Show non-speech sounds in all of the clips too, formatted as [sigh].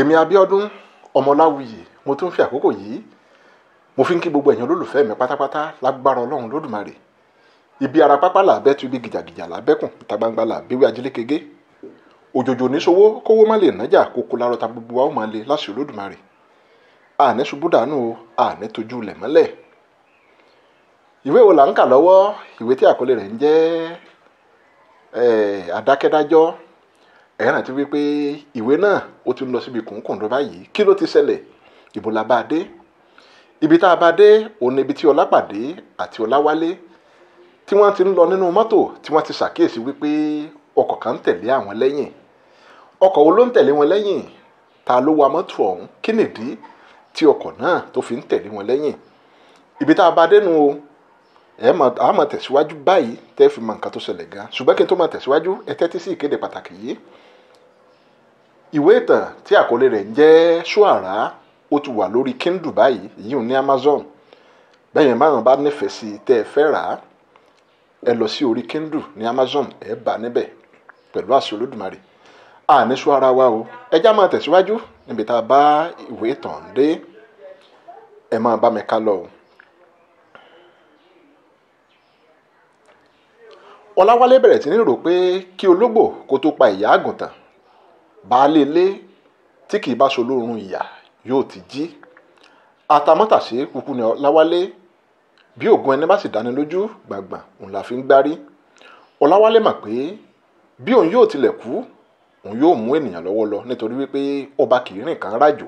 èmi Abíọ́dún Ọmọláwuyì mo tún fi àkókò yìí mo fi ń kí gbogbo ẹ̀yin olólùfẹ́ mi pátápátá lágbára ọlọ́run lódùmarè ibi ara pápá là bẹ́ tu ibi gìjàgìjà là bẹ́kùn ìta gbangba là bẹ́wé ajílékege òjòjò níṣòwò kówó má lè nájà kókó larọ ta gbogbo wa ó máa le láṣẹ olódùmarè àní ṣubú dànù o àní tójú lẹ̀ mọ́lẹ̀ ìwé wo là ń kà lọ́wọ́ ìwé tí àkọlé rẹ̀ ń jẹ́ àdákẹ́dájọ́ ẹ rántí wípé ìwé náà ó ti ń lọ síbi kùnkùndùn báyìí kí ló ti ṣẹlẹ̀ ibo la bá a dé ibi tá a bá a dé òun ibi tí ọlápàdé àti ọláwálé tí wọ́n ti ń lọ nínú mọ́tò tí wọ́n ti ṣàkíyèsí wípé ọkọ̀ kan ń tẹ̀lé àwọn lẹ́yìn ọkọ̀ wo ló ń tẹ̀lé wọn lẹ́yìn ta ló wa mọ́tò ọ̀hún kí nìdí tí ọkọ̀ náà tó fi ń tẹ̀lé wọn lẹ́yìn ibi tá a bá dénú o ẹ mọ a mọ báyìí tẹ́ fi mọ nǹkan tó ṣẹlẹ̀ gan ṣùgbọ́n kí n tó mọ tẹ̀síwájú ẹ tẹ́tí sí ìkéde pàtàkì yìí ìwé ìtàn tí àkọlé rẹ̀ ń jẹ́ ṣọ́ara ó ti wà lórí kindle báyìí èyí ní amazon bẹ́yẹn márùn bá nífẹ̀ẹ́ sí tẹ́ ẹ fẹ́ rà á ẹ lọ sí orí kindle ní amazon ẹ bá níbẹ̀ pẹ̀lú àṣẹ olódùmarè àní ṣọ́ara wa o ẹjá máa tẹ̀síwájú níbi tá a bá ìwé ìtàn dé ẹ máa bá mi ká lọ o. ọláwálé bẹ̀rẹ̀ sí ní rò pé kí ológbò kó tó pa ìyá àgùntàn baálé ilé tí kì í bá ṣolórun ìyà yóò ti jí àtàmọ́tàṣe kúkú ni ọláwálé bí ògùn ẹni bá sì dáni lójú gbàngbàn òun la fi ń gbárí ọláwálé mà pé bí òun yóò tilẹ̀ kú òun yóò mú ènìyàn lọ́wọ́ lọ nítorí wípé ọba kì í rìn kan rájò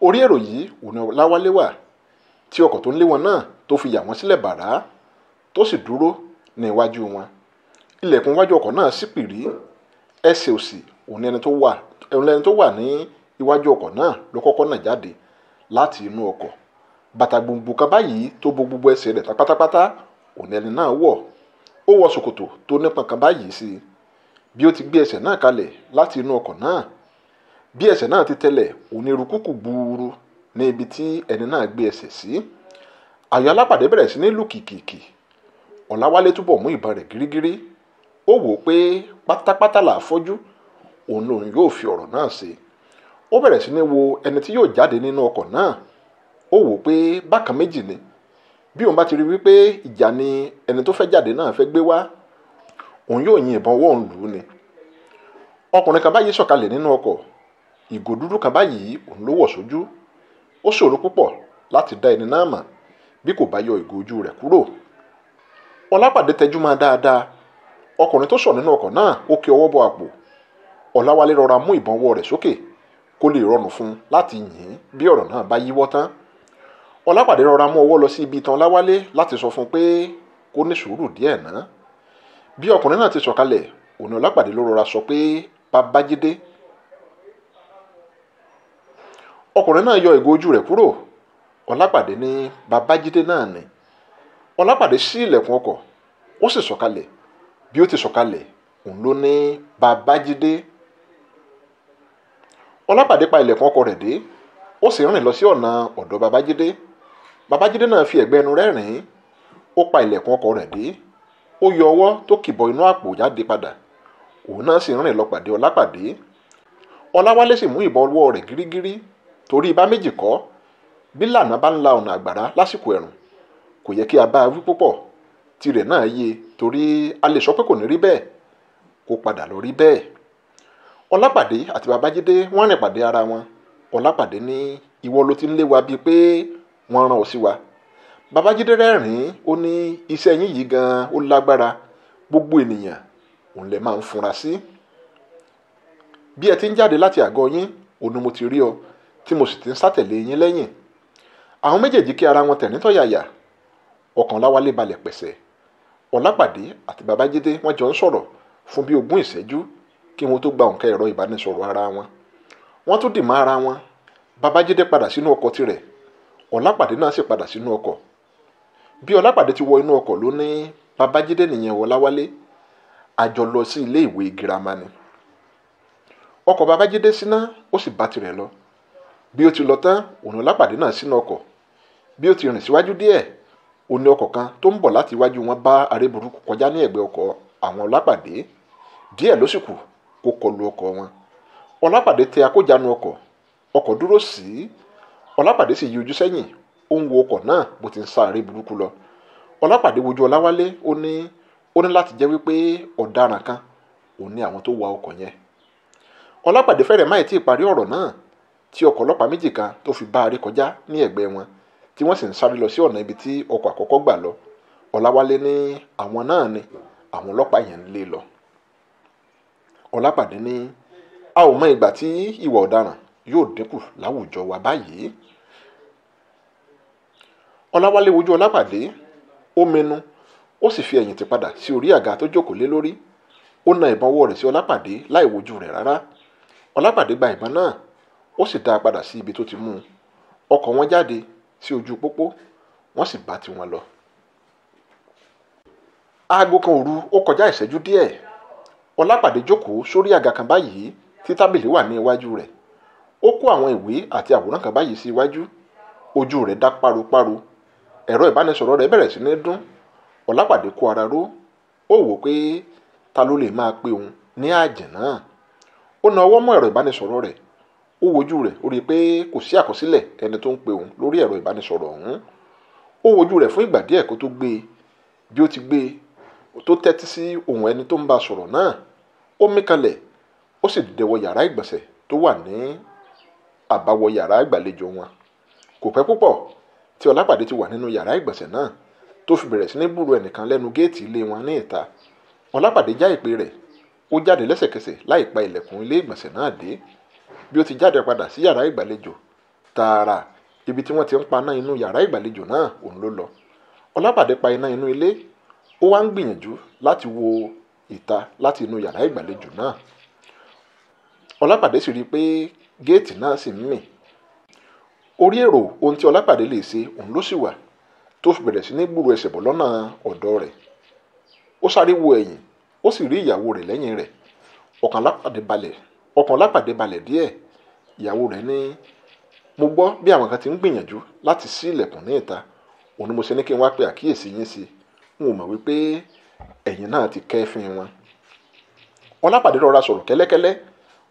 orí èrò yìí òun ọláwálé wà tí ọkọ̀ tó ń lé wọn náà tó fi yà wọ́n sílẹ̀ bàrá tó sì dúró ní iwájú wọn ilẹ̀kùn iwájú ọkọ̀ náà ṣí pìrí ẹsẹ̀ òsì òun ẹni tó wà òun lẹni tó wà ní iwájú ọkọ̀ náà ló kọ́kọ́ nà jáde láti inú ọkọ̀ bàtà gbùngbùn kan báyìí tó bo gbogbo ẹsẹ̀ rẹ̀ pátápátá òun ẹni náà wọ̀ ó wọ ṣòkòtò tó nípa kan báyìí sí i bí ó ti gbé ẹsẹ̀ náà kalẹ̀ láti inú ọkọ̀ náà bí ẹsẹ̀ náà ti tẹ̀lẹ̀ onírúkúkú ní ibi tí ẹni náà gbé ẹsẹ̀ sí alápàdé bẹ̀rẹ̀ sí kìkìkì ọ̀làwálé túbọ̀ mú ìbọn rẹ̀ gírígírí ó wò ó òun lòun yóò fi ọ̀rọ̀ náà ṣe ó bẹ̀rẹ̀ sí ni wo ẹni tí yóò jáde nínú ọkọ̀ náà ó wò pé bákan méjì ni bí òun bá ti rí wípé ìjà ni ẹni tó fẹ́ jáde náà fẹ́ gbé wá òun yóò yin ìbọn ọwọ́ lù ú ni ọkùnrin kan báyìí sọ̀kalẹ̀ nínú ọkọ̀ ìgò dúdú kan báyìí òun ló wọ̀ sójú ó ṣòro púpọ̀ láti dá ẹni náà mọ̀ bí kò bá yọ ìgò ojú rẹ̀ kúrò ọlápàdé tẹjú máa dáadáa ọkùnrin tó sọ̀ bọ àpò ọ̀làwálé rọra mú ìbọn wọ rẹ̀ sókè kó lè rọrùn fún un láti yìn bí ọ̀rọ̀ náà bá yíwọ́ tán ọlápàdé rọra mú ọwọ́ lọ sí ibi tán ọláwálé láti sọ fún un pé kó ní sùúrù díẹ̀ ná bí ọkùnrin náà ti sọ̀kalẹ̀ òní ọlápàdé ló rọra sọ pé babájídé ọkùnrin náà yọ ìgò ojú rẹ̀ kúrò ọlápàdé ní babájídé náà ni ọlápàdé ṣí ilẹ̀kùn ọkọ̀ ó sì sọ̀kalẹ̀ bí ó ti sọ̀kalẹ̀ òun ló ní babájídé ọlápàdé pa ilẹ̀kùn ọkọ rẹ̀ dé ó sì rìn lọ sí ọ̀nà ọ̀dọ̀ babájídé babájídé náà fi ẹ̀gbẹ́ ẹnu rẹ́rìn-ín ó pa ilẹ̀kùn ọkọ rẹ̀ dé ó yọ ọwọ́ tó kìbọ inú àpò jáde padà òun náà sì rìn lọ pàdé ọlápàdé ọláwálé sì mú ìbọn ọwọ́ rẹ̀ gírígírí torí ibà méjì kọ́ bí lànà bá ń la ọ̀nà àgbàrá lásìkò ẹ̀rùn kò yẹ kí a bá a wí púpọ̀ tirẹ̀ náà yé torí a lè sọ pé kò ní rí bẹ́ẹ̀ kó padà lọ rí bẹ́ẹ̀ ọlápàdé àti babájídé wọ́n rìn pàdé ara wọn ọlápàdé ní ìwọ ló ti ń lé wa bíi pé wọ́n rán ọ sí wa babájídé rẹ́rìn-ín ó ní iṣẹ́ yín yìí gan-an ó lágbára gbogbo ènìyàn òun lè máa ń funra sí bí ẹ ti ń jáde láti àgọ́ yín òun mo ti rí ọ tí mo sì ti ń sátẹ̀lé yín lẹ́yìn àwọn méjèèjì kí ara wọn tẹ̀ nítọ̀yàyà ọkàn láwálé balẹ̀ pẹ̀sẹ̀ ọlápàdé àti babájídé wọ́n jọ ń sọ̀rọ̀ fún bí ogún ìṣẹ́jú kí wọn tó gba òǹkà ẹ̀rọ ìbánisọ̀rọ̀ ara wọn wọ́n tún dì mọ́ ara wọn babájídé padà sínú ọkọ̀ tirẹ̀ ọ̀làpàdé náà sì padà sínú ọkọ̀ bí ọ̀làpàdé ti wọ inú ọkọ̀ ló ní babájídé nìyẹn ọláwálé àjọ lọ sí ilé ìwé girama ni ọkọ̀ babájídé síná ó sì bá tirẹ̀ lọ bí ó ti lọ tán òun ọ̀làpàdé náà sínú ọkọ̀ bí ó ti rìn síwájú díẹ̀ òní ọkọ̀ kan tó ń bọ̀ láti iwájú wọn bá arébùrú kọjá ní ẹ̀gbẹ́ ọkọ̀ àwọn ọ̀làpàdé díẹ̀ ló sì kù ó kọlu ọkọ̀ wọn ọlápàdé tẹ akójanu ọkọ̀ ọkọ̀ dúró sí i ọlápàdé sì yí ojú sẹ́yìn ó ń wo ọkọ̀ náà bó ti ń sáré burúkú lọ ọlápàdé wojú ọláwálé ó ní ó ní láti jẹ́ wípé ọ̀daràn kan òun ni àwọn tó wa ọkọ̀ yẹn ọlápàdé fẹ́rẹ̀ máì tí ì parí ọ̀rọ̀ náà tí ọkọ̀ ọlọ́pàá méjì kan tó fi bá a rí kọjá ní ẹ̀gbẹ́ wọn tí wọ́n sì ń sáré lọ sí ọ̀nà ibi tí ọkọ̀ àkọ́kọ́ gbà lọ ọláwálé ní àwọn náà ni àwọn ọlọ́pàá yẹn ń lé lọ ọlápàdé ní a ò mọ ìgbà tí ìwà ọ̀daràn yóò dínkù láwùjọ wa báyìí ọláwálé wojú ọlápàdé ó mẹnu ó sì fi ẹ̀yìn tì padà sí orí àga tó jókòó lé lórí ó na ìbọn ọwọ́ rẹ̀ sí ọlápàdé láì wojú rẹ̀ rárá ọlápàdé gba ìbọn náà ó sì dá a padà sí ibi tó ti mú un ọkọ̀ wọn jáde sí ojú pópó wọ́n sì bá tiwọn lọ. aago kan òru ó kọjá ìṣẹ́jú díẹ̀ ọlápàdé jókòó sórí àga kan báyìí tí tábìlì wà ní iwájú rẹ̀ ó kó àwọn ìwé àti àwòrán kan báyìí sí iwájú ojú rẹ̀ dá páropáro ẹ̀rọ ìbánisọ̀rọ̀ rẹ̀ bẹ̀rẹ̀ sí ní dún ọlápàdé kó ara ró ó wò pé ta ló lè máa pe òun ní àjẹ̀ náà ó na ọwọ́ mọ́ ẹ̀rọ ìbánisọ̀rọ̀ rẹ̀ ó wojú rẹ̀ ó rí i pé kò sí àkọsílẹ̀ ẹni tó ń pe òun lórí ẹ̀rọ ìbánisọ̀rọ̀ ọ̀hún ó wojú rẹ̀ fún ìgbà díẹ̀ kó tó gbé e bí ó ti gbé e tó tẹ́tí sí ohùn ẹni tó ń bá sọ̀rọ̀ náà ó mí kalẹ̀ ó sì dìde wọ yàrá ìgbọ̀nsẹ̀ tó wà ní àbáwọ yàrá ìgbàlejò wọn kò pẹ́ púpọ̀ tí ọlápàdé ti wà nínú yàrá ìgbọ̀nsẹ̀ náà tó fi bẹ̀rẹ̀ sí ní búrò ẹnìkan lẹ́nu géètì ilé wọn ní ìta ọlápàdé já ìpè rẹ̀ ó jáde lẹ́sẹ̀kẹsẹ̀ láì pa ilẹ̀kùn ilé ìgbọ̀nsẹ̀ náà dé bí ó ti jáde padà sí yàrá ìgbàlejò tààrà ibi tí wọ́n ti ń paná inú yàrá ìgbàlejò náà òun ló lọ ọlápàdé pa iná inú ilé ó wá ń gbìyànjú láti wo ìta láti inú yàrá ìgbàlejò náà ọlápàdé sì rí i pé géètì náà sì ń mì orí èrò ohun tí ọlápàdé lè ṣe òun ló sì wà tó fi bẹ̀rẹ̀ sí ní gbúrò ẹsẹ̀ bọ̀ lọ́nà ọ̀dọ̀ rẹ̀ ó sáré wo ẹ̀yìn ó sì rí ìyàwó rẹ̀ lẹ́yìn rẹ̀ ọkàn lápàdé balẹ̀ ọkàn lápàdé balẹ̀ díẹ̀ ìyàwó rẹ̀ ní mo gbọ́ bí àwọn kan ti ń gbìyànjú láti ṣí ilẹ̀kùn ní ìta òun ni mo ṣe ní kí n wá pe àkíyèsí yín sí i n ò mọ̀ wípé ẹ̀yin náà ti kẹ́fìn wọn ọlápàdé rọra sọ̀rọ̀ kẹ́lẹ́kẹ́lẹ́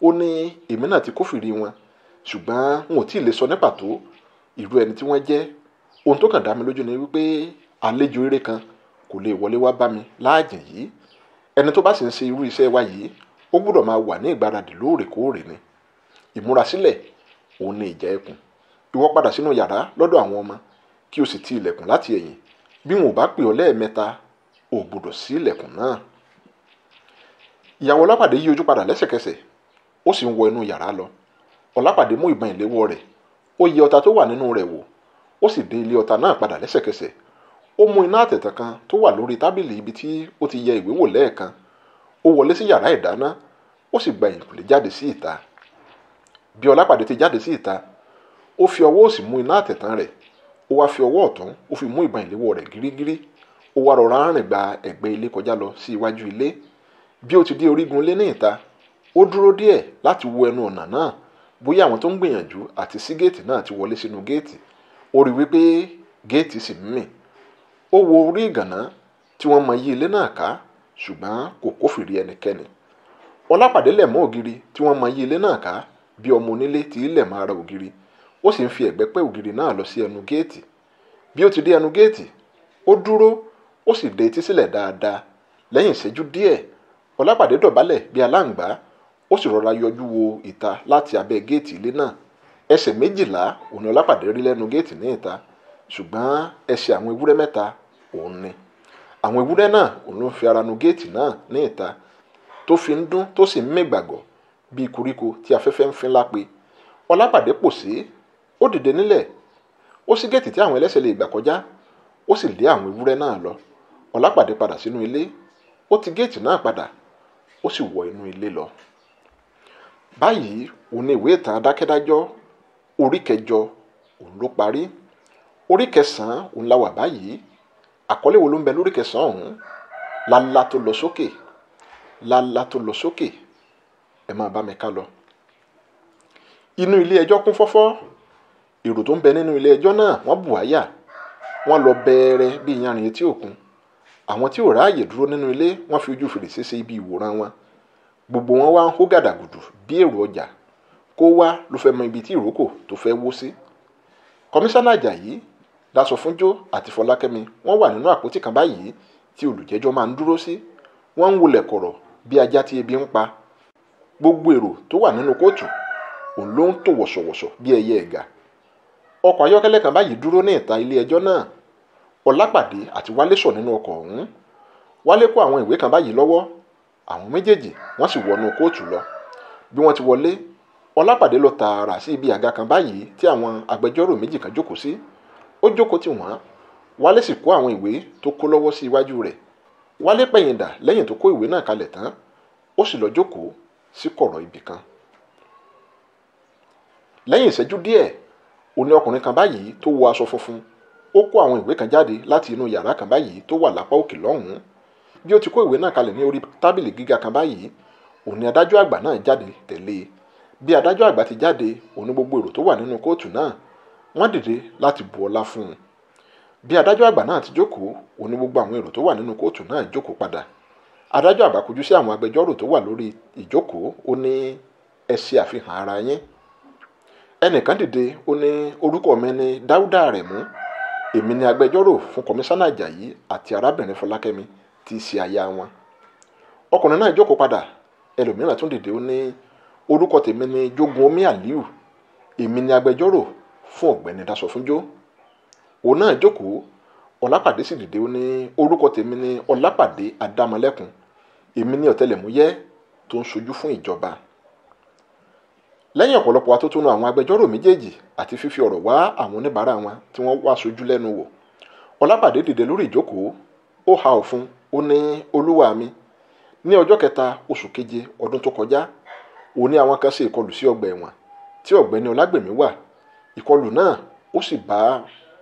ó ní èmi náà ti kófìrí wọn ṣùgbọ́n n ò tí ì lè sọ ní pàtó irú ẹni tí wọ́n jẹ́ ohun tó kàn dá mi lójú ni wípé àlejò eré kan kò lè wọlé wá bá mi láàjìn yìí ẹni tó bá sì ń ṣe irú iṣẹ́ wa yìí ó gbọ́dọ̀ máa wà ní ìgbáradì lóòrèkóòrè ni ìmúrasílẹ̀ òun ni ìjà ẹkùn ìwọ padà sínú yàrá lọ́dọ̀ àwọn ọmọ kí o sì ti ilẹ̀kùn láti ẹ̀yìn bí wọn ò bá pè ọ́ lẹ́ẹ̀mẹ́ta ò gbọ́dọ̀ sí ilẹ̀kùn náà ìyàwó ọlápàdé yí ojú padà lẹ́sẹ̀kẹsẹ̀ ó sì ń wọ inú yàrá lọ ọlápàdé mú ìbọn ìléwọ́ rẹ̀ ó yẹ ọta tó wà nínú rẹ̀ wò ó sì dé ilé ọta náà padà lẹ́sẹ̀kẹsẹ̀ ó mú iná àtẹ̀tàn kan tó wà lórí tábìlì ibi tí ó ti yẹ ìwé wò lẹ́ẹ̀kan ó wọlé sí yàrá ìdáná ó sì gba ẹ̀yìnkùlé jáde sí ìta bí ọlápàdé ti jáde sí ìta ó fi ọwọ́ òsì mú iná àtẹ̀tàn rẹ̀ ó wá fi ọwọ́ ọ̀tún ó fi mú ìbọn ìléwọ́ rẹ̀ gírígírí ó wá rọra rìn gba ẹ̀gbẹ́ ilé kọjá lọ sí iwájú ilé bí ó ti dé orígun ilé ní ìta ó dúró díẹ̀ láti wo ẹnu ọ̀nà náà bóyá àwọn tó ń gbìyànjú àti sí géètì náà ti wọlé sínú géètì ó rí wípé géètì sì ń mì ó wo orí ìgànná tí wọ́n mọ yí ilé náà ká ṣùgbọ́n kò kófìrí ẹnikẹ́ni ọlápàdé lẹ̀ mọ́ ògiri tí wọ́n mọ yí ilé náà ká bí ọmọ onílé ti ilẹ̀ máa ra ògiri ó sì ń fi ẹ̀gbẹ́ pẹ́ ògiri náà lọ sí ẹnu géètì bí ó ti dé ẹnu géètì ó dúró ó sì de etí sílẹ̀ dáadáa lẹ́yìn ìṣẹ́jú díẹ̀ ọlápàdé dọ̀bálẹ̀ bí aláǹgbá ó sì rọra yọjú wo ìta láti abẹ́ géètì ilé náà ẹsẹ̀ méjìlá òun ọlápàdé rí lẹ́nu géètì ní ìta ṣùgbọ́n ẹsẹ̀ àwọn ewúrẹ́ mẹ́ta òun ni àwọn ewúrẹ́ náà òun ló fi ara nu géètì náà ní ìta tó fi ń dún tó sì ń mí bíi koríko tí afẹ́fẹ́ ń fin lápè ọlápàdé pòsè ó dìde nílẹ̀ ó ṣí ti tí àwọn igba lè gbà kọjá ó sì lé àwọn ewúrẹ́ náà lọ pada padà sínú ilé ó ti géètì náà padà ó sì wọ inú ilé lọ. báyìí òun ni ìwé ìtàn adákẹ́dájọ́ orí kẹjọ òun ló parí orí kẹsàn-án òun la wà báyìí àkọlé wo ló ń bẹ lórí kẹsàn-án ọ̀hún lálá tó lọ sókè lálá tó lọ sókè ẹ máa bá mi ká lọ. inú ilé ẹjọ́ kún fọ́fọ́ èrò tó ń bẹ nínú ilé ẹjọ́ náà wọ́n bù wáyà wọ́n lọ bẹ́ẹ̀rẹ́ bí iyanrìn etí òkun àwọn tí ò ráàyè dúró nínú ilé wọ́n fi ojú fèrèsé ṣe ibi ìwòran wọn gbogbo wọn wá ń hó gàdàgùdù bí èrò ọjà kó wá ló fẹ́ mọ ibi tí ìrókò tó fẹ́ wó sí kọmíṣánná Àjàyí Dásọfúnjó àti Fọlákẹ́mi wọ́n wà nínú àpótí kan báyìí tí olùjẹ́jọ́ máa ń dúró sí wọ́n ń wọlẹ̀ kọ̀rọ̀ bí ajá tí ebi ń pa gbogbo èrò tó wà nínú kóòtù òun ló ń tò wọ̀sọ̀wọ̀sọ̀ bí ẹyẹ ẹ̀gà ọkọ̀ ayọ́kẹ́lẹ́ kan báyìí dúró ní ìta ilé ẹjọ́ náà ọlápàdé àti wálé sọ̀ nínú ọkọ̀ ọ̀hún wálé kó àwọn ìwé kan báyìí lọ́wọ́ àwọn méjèèjì wọ́n sì wọnú kóòtù lọ bí wọ́n ti wọlé ọlápàdé lọ tààrà sí ibi àga kan báyìí tí àwọn agbẹjọ́rò méjì kan jókòó sí ó jókòó tì wọ́n wálé sì kó àwọn ìwé tó kó lọ́wọ́ sí iwájú rẹ̀ wálé pẹ̀yìndà lẹ́yìn tó kó ìwé náà kalẹ̀ tán ó sì lọ jókòó sí kọ̀rọ̀ ibì kan lẹ́yìn ìṣẹ́jú díẹ̀ ó ọkùnrin kan báyìí tó wọ aṣọ funfun ó kó àwọn ìwé kan jáde láti inú yàrá kan báyìí tó wà lápá òkè lọ́hùn-ún bí ó ti kó ìwé náà kalẹ̀ ní orí tábìlì gíga kan báyìí òun adájọ́ àgbà náà jáde tẹ̀lé e. bí adájọ́ ti jáde gbogbo èrò tó wà nínú kóòtù náà wọ́n dìde bu ọlá fún un bí adájọ́ àgbà ti jókòó gbogbo àwọn èrò tó wà nínú kóòtù náà jókòó padà adájọ́ àgbà kojú sí àwọn agbẹjọ́rò tó wà lórí ìjókòó ó ní ẹnìkan dìde ó ní orúkọ mi ní dáúdà àrẹ̀mú èmi ni agbẹjọ́rò fún kọmíṣánná àjàyí àti arábìnrin fọlákẹ́mi tí í ṣe aya wọn ọkùnrin náà jókòó padà ẹlòmíràn tún dìde ó ní orúkọ tèmi ní jogun omi aliu èmi ni agbẹjọ́rò fún ọ̀gbẹ́ni dasọ̀fúnjó òun náà jókòó ọlápàdé sì dìde ó ní orúkọ tèmi ní ọlápàdé adámọlẹ́kùn èmi ni ọ̀tẹlẹ̀múyẹ́ tó ń ṣojú fún ìjọba lẹ́yìn ọ̀pọ̀lọpọ̀ atótónu àwọn agbẹjọ́rò méjèèjì àti fífi ọ̀rọ̀ wá àwọn oníbàárà wọn tí wọ́n wá sojú lẹ́nu wò ọlápàdé dìde lórí ìjókòó ó ha òfun ó ní olúwa mi ní ọjọ́ kẹta oṣù keje ọdún tó kọjá òun ní àwọn kan ṣe ìkọlù sí ọgbà ẹ̀wọ̀n tí ọ̀gbẹ́ni ọlágbèmí wà ìkọlù náà ó sì bá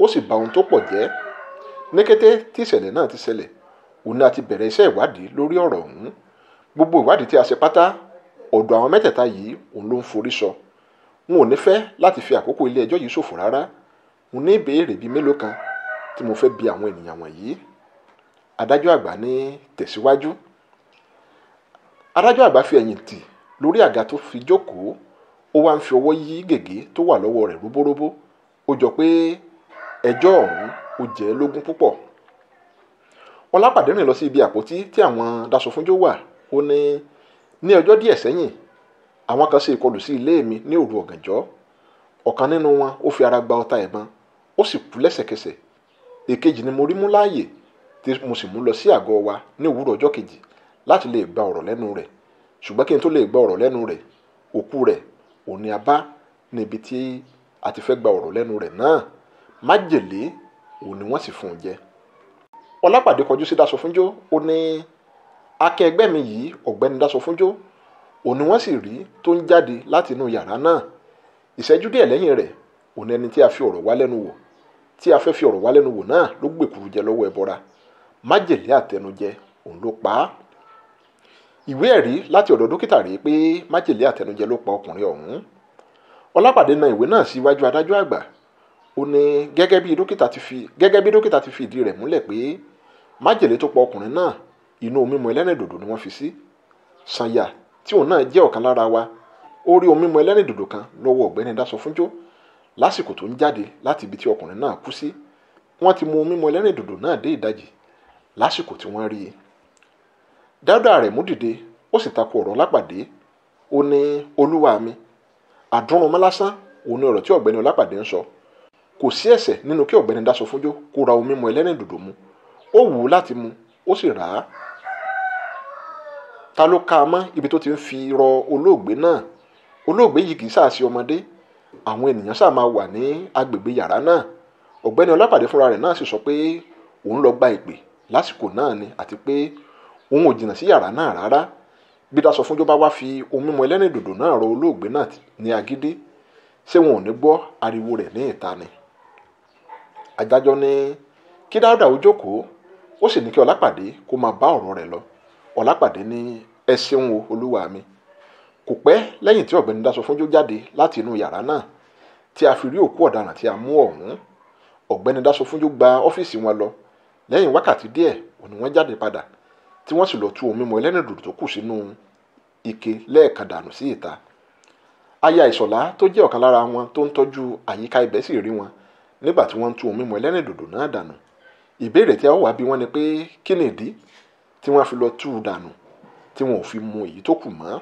ó sì bá ohun tó pọ̀ jẹ́ ní kété tí ìṣẹ̀lẹ̀ náà ti ṣẹlẹ̀ òun náà ti bẹ̀rẹ̀ iṣẹ́ ìwádìí lórí ọ̀rọ̀ ọ̀hún gbogbo ìwádìí tí a ṣe pátá ọ̀dọ̀ àwọn mẹ́tẹ̀ẹ̀ta yìí òun ló ń forí sọ n ò ní fẹ́ láti fi àkókò ilé ẹjọ́ yìí ṣòfò rárá mo ní ìbéèrè bíi mélòó kan tí mo fẹ́ bi àwọn ènìyàn wọ̀nyí adájọ́ àgbà ní tẹ̀síwájú adájọ́ àgbà fi ẹ̀yìn tì lórí àga tó fi jókòó ó wá ń fi ọwọ́ yí gègé tó wà lọ́wọ́ rẹ̀ róbóróbó ó jọ pé ẹjọ́ ọ̀hún ó jẹ́ lógún púpọ̀ ọlápàdé rìn lọ sí ibi àpótí tí àwọn daṣọ fúnjó wà ó ní. Ni ní ọjọ́ díẹ̀ sẹ́yìn àwọn kan ṣe ìkọlù sí ilé mi ní òru ọ̀gànjọ́ ọ̀kan nínú wọn ó fi ara gba ọta ìbọn ó sì kú lẹ́sẹ̀kẹsẹ̀ èkejì ni mo rí mú láàyè tí mo sì mú lọ sí àgọ́ wa ní òwúrọ̀ ọjọ́ kejì láti lè gba ọ̀rọ̀ lẹ́nu rẹ̀ ṣùgbọ́n kí n tó lè gba ọ̀rọ̀ lẹ́nu rẹ̀ òkú rẹ̀ òní abá níbi tí a ti fẹ́ gba ọ̀rọ̀ lẹ́nu rẹ̀ náà májèlé òní wọ́n sì fún un jẹ ọlápàdé kọjú sí Dásọfúnjó ó ní akẹgbẹ́ mi yìí ọ̀gbẹ́ni Dasọfúnjó òní wọ́n sì rí tó ń jáde láti inú yàrá náà ìṣẹ́jú díẹ̀ lẹ́yìn rẹ̀ òní ẹni tí a fi ọ̀rọ̀ wá lẹ́nu wò tí a fẹ́ fi ọ̀rọ̀ wá lẹ́nu wò náà ló gbèkúrú jẹ lọ́wọ́ ẹbọra májèlé àtẹnujẹ òun ló pa á ìwé ẹ̀rí láti ọ̀dọ̀ dókítà rèé pé májèlé àtẹnujẹ ló pa ọkùnrin ọ̀hún ọlápàdé na ìwé náà síwájú adájọ́ àgbà ó ní gẹ́gẹ́ bí dókítà ti fi ìdí rẹ̀ múlẹ̀ pé májèlé tó pa ọkùnrin náà inú mímu ẹlẹ́rìndòdò ni wọ́n fi sí sanya tí òun náà jẹ́ ọ̀kan lára wa ó rí omi mímu ẹlẹ́rìndòdò kan lọ́wọ́ ọ̀gbẹ́ni Dásọfúnjó lásìkò tó ń jáde láti ibi tí ọkùnrin náà kú sí wọ́n ti mu omi mímu ẹlẹ́rìndòdò náà dé ìdajì lásìkò tí wọ́n rí i Dáúdà rẹ̀ mú dìde ó sì takò ọ̀rọ̀ lápàdé ó ní olúwa mi àdúrún mọ́lásán òun ni ọ̀rọ̀ tí ọ̀gbẹ́ni ọlápàdé ń sọ kò sí ẹ̀ṣẹ̀ nínú kí ọ̀gbẹ́ni Dásọfúnjó kó ra omi mímu ẹlẹ́rìndòdò mu ó wù ú láti mu ó sì rà á ta ló ka a mọ́ ibi tó ti ń fi rọ olóògbé náà olóògbé yìí kì í sàṣì ọmọdé àwọn ènìyàn sáà máa wà ní agbègbè yàrá náà ọ̀gbẹ́ni ọlápàdé fúnra rẹ̀ náà sì sọ pé òun lọ gba ìpè lásìkò náà ni àti pé òun ò jìnnà sí yàrá náà rárá bí dasọ fúnjọ bá wá fi ohun mímu ẹlẹ́rìndòdò náà rọ olóògbé náà ní agídé ṣé wọn ò ní gbọ́ ariwo rẹ̀ ní ìta ni adájọ́ ní kí dáúdà ó jókòó ó sì ní kí ọlápàdé kó máa bá ọ̀rọ̀ rẹ̀ lọ ọ̀làpàdé ní ẹ ṣeun o olúwa mi kò pẹ́ lẹ́yìn tí ọ̀gbẹ́ni Dáṣọfúnjó jáde láti inú yàrá náà tí a fi rí òkú ọ̀daràn tí a mú ọ̀hún ọ̀gbẹ́ni Dáṣọfúnjó gba ọ́fíìsì wọn lọ lẹ́yìn wákàtí díẹ̀ òní wọ́n jáde padà tí wọ́n sì lọ tú omi mọ ẹlẹ́rìndòdò tó kù sínú ike lẹ́ẹ̀kan dànù sí ìta aya ìṣọ̀lá tó jẹ́ ọ̀kan lára wọn tó ń tọ́jú àyíká ibẹ̀ sì rí wọn nígbà tí wọ́n ń tú omi mọ ẹlẹ́rìndòdò náà dànù ìbéèrè tí a ó wá bí wọ́n ní pé kí nìdí tí wọ́n fi lọ tú u dànù tí wọn ò fi mú èyí tó kù mọ́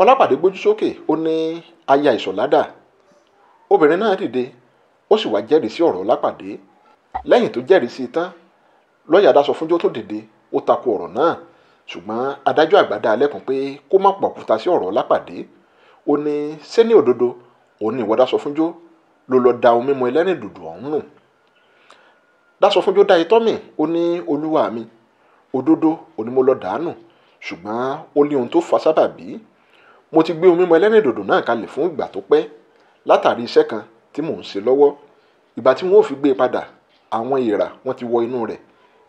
ọlápàdé gbójú sókè ó ní aya ìsọ̀ládà obìnrin náà dìde ó sì wá jẹ́rìí sí ọ̀rọ̀ ọlápàdé lẹ́yìn tó jẹ́rìí sí i tán lọ́ọ̀yà adá sọ fúnjọ́ tó dìde ó tako ọ̀rọ̀ náà ṣùgbọ́n adájọ́ àgbà dá lẹ́kùn pé kó má pàkúta sí ọ̀rọ̀ ọlápàdé ó ní ṣé ní òdodo òun ni ìwọ dá fúnjọ́ ló lọ da ohun mímu ẹlẹ́rìndòdò ọ̀hún nù dá sọ fúnjọ́ dá itọ́ mì ó ní olúwa mi òdodo òní mo lọ dànù ṣùgbọ́n ó ní ohun tó fa sábàbí mo ti gbé omi mọ ẹlẹ́rìndòdò náà kalẹ̀ fún ìgbà tó pẹ́ látàrí iṣẹ́ kan tí mò ń ṣe lọ́wọ́ ìgbà tí wọn ò fi gbé e padà àwọn èèrà wọn ti wọ inú rẹ̀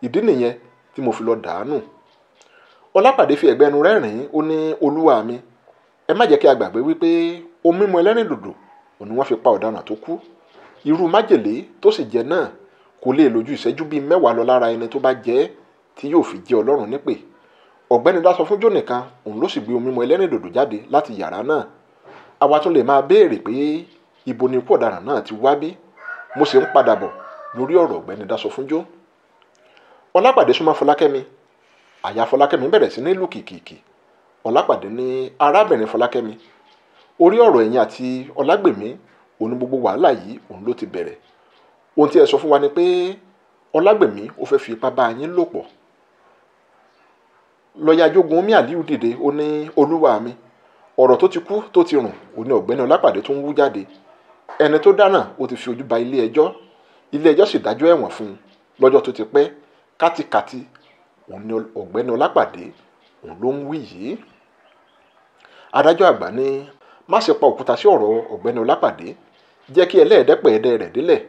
ìdí nìyẹn tí mo fi lọ dànù ọlápàdé fi ẹ̀gbẹ́nu rẹ́rìn-ín ó ní olúwa mi ẹ má jẹ́ kí a gbàgbé wípé omi mímu ẹlẹ́rìndòdò òní wọ́n fi pa ọ̀daràn tó kú irú májèlé tó sì jẹ náà kò lè lójú ìṣẹ́jú bíi mẹ́wàá lọ lára ẹni tó bá jẹ tí yóò fi jẹ́ ọlọ́run nípè ọ̀gbẹ́ni dá sọ fún jónì kan òun ló sì gbé omi mọ ẹlẹ́rìndòdò jáde láti yàrá náà àwa tún lè máa béèrè pé ibo ni ikú ọ̀daràn náà ti wá bí mo sì ń padà bọ̀ lórí ọ̀rọ̀ ọ̀gbẹ́ni dá sọ fún jó ọlápàdé súnmọ́ fọlákẹ́mi àyà fọlákẹ́mi bẹ̀rẹ̀ sí ní kìkìkì ọlápàdé ní arábìnrin fọlákẹ́mi orí ọ̀rọ̀ ẹ̀yìn àti ọlágbèmí òun ni gbogbo wàhálà yìí òun ló ti bẹ̀rẹ̀ ohun tí ẹ sọ fún wa ni pé ọlágbèmí ó fẹ́ fi ipá bá yín lò pọ̀ lọ́ọ̀yà jogun mi àdíwù dìde ó ní olúwa mi ọ̀rọ̀ tó ti kú tó ti rùn ó ní ọ̀gbẹ́ni ọlápàdé tó ń wú jáde ẹni tó dáná ó ti fi ojú ba ilé ẹjọ́ ilé ẹjọ́ sì dájọ́ ẹ̀wọ̀n fún un lọ́jọ́ tó ti pẹ́ kátikàti òun ni ọ̀gbẹ́ni ọlápàdé òun ló ń wí yìí adájọ́ àgbà ní má ṣe pa òkúta sí ọ̀rọ̀ ọ̀gbẹ́ni ọlápàdé jẹ́ kí ẹlẹ́ẹ̀dẹ́pẹ̀ẹ́dẹ́ rẹ̀ délẹ̀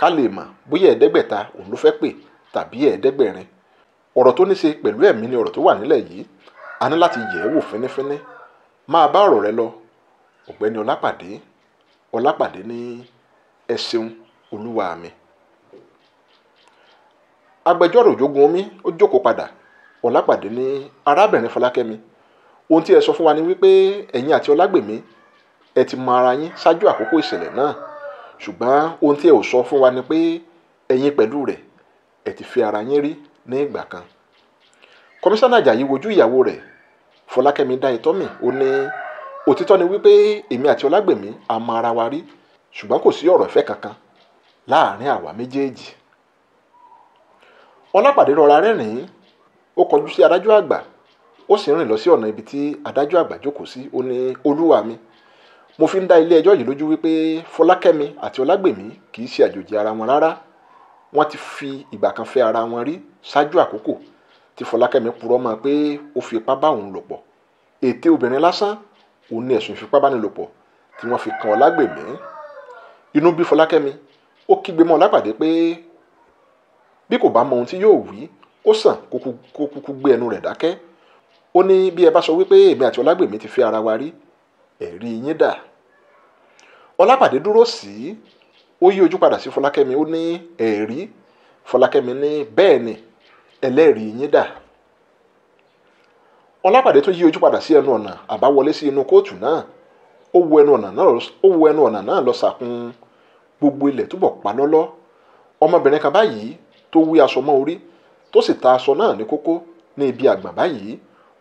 ká lè mọ̀ bóyá ẹ̀ẹ́dẹ́gbẹ̀ta òun ló fẹ́ pè tàbí ẹ̀ẹ́dẹ́gbẹ̀rin ọ̀rọ̀ tó ní ṣe pẹ̀lú ẹ̀mí ni ọ̀rọ̀ tó wà nílẹ̀ yìí a ní láti yẹ̀ ẹ́ wò fínífíní máa bá ọ̀rọ̀ rẹ lọ ọ̀gbẹ́ni ọlápàdé ọlápàdé ní ẹ olúwa mi agbẹjọ́rò òjogun omi ó jókòó padà ọlápàdé ní arábìnrin fọlákẹ́mi ohun tí ẹ sọ fún wa ni wípé ẹ̀yin àti ọlágbèmí ẹ ti mọ ara yín ṣáájú àkókò ìṣẹ̀lẹ̀ náà ṣùgbọ́n ohun tí ẹ ò sọ fún wa ni pé ẹ̀yin pẹ̀lú rẹ̀ ẹ ti fi ara yín rí ní ìgbà kan kọmíṣánná Àjàyí wojú ìyàwó rẹ̀ Fọlákẹ́mi Dáyìntọ́mì ó ní òtítọ́ ni wípé èmi àti Ọlágbèmí a mọ ara wa rí ṣùgbọ́n kò sí ọ̀rọ̀ ìfẹ́ kankan láàrin àwa méjèèjì Ọlápàdé rọra rẹ́rìn-ín ó kọjú sí adájọ́ àgbà ó sì rìn lọ sí ọ̀nà ibi tí adájọ́ àgbà jókòó sí ó ní olúwa mi mo fi ń dá ilé ẹjọ́ yìí lójú wípé Fọlákẹ́mi àti Ọlágbèmí kì í ṣe àjòjì ara wọn rárá wọ́n ti fi ìgbà kan fẹ́ ara wọn rí ṣáájú àkókò tí Fọlákẹ́mi purọ́ mọ́ pé ó fi ipá bá òun lò pọ̀ ète obìnrin lásán òun ní ẹ̀sùn ìfipábánilòpọ̀ tí wọ́n fi kan Ọlágbèmí inú bí Fọlákẹ́mi ó kígbe mọ́ Ọlápàdé pé bí kò bá mọ ohun tí yóò wí ó sàn kó kúkú gbé ẹnu rẹ̀ dákẹ́ ó ní bí ẹ bá sọ wípé èmi àti Ọlágbèmí ti fẹ́ ara wa rí ẹ̀rí yín dà Ọlápàdé dúró sí ó yí ojú padà sí fọlákẹ́mi ó ní ẹ̀rí fọlákẹ́mi ní bẹ́ẹ̀ ni ẹlẹ́rìí yín dà ọlápàdé tún yí ojú padà sí ẹnu ọ̀nà àbáwọlé sí inú kóòtù náà ó wo ẹnu ọ̀nà náà ó wo ẹnu ọ̀nà náà lọ sàkún gbogbo ilẹ̀ túbọ̀ pa lọ́lọ́ ọmọbìnrin kan báyìí tó wí aṣọ mọ́ orí tó sì ta aṣọ náà ní kókó ní ibi àgbà báyìí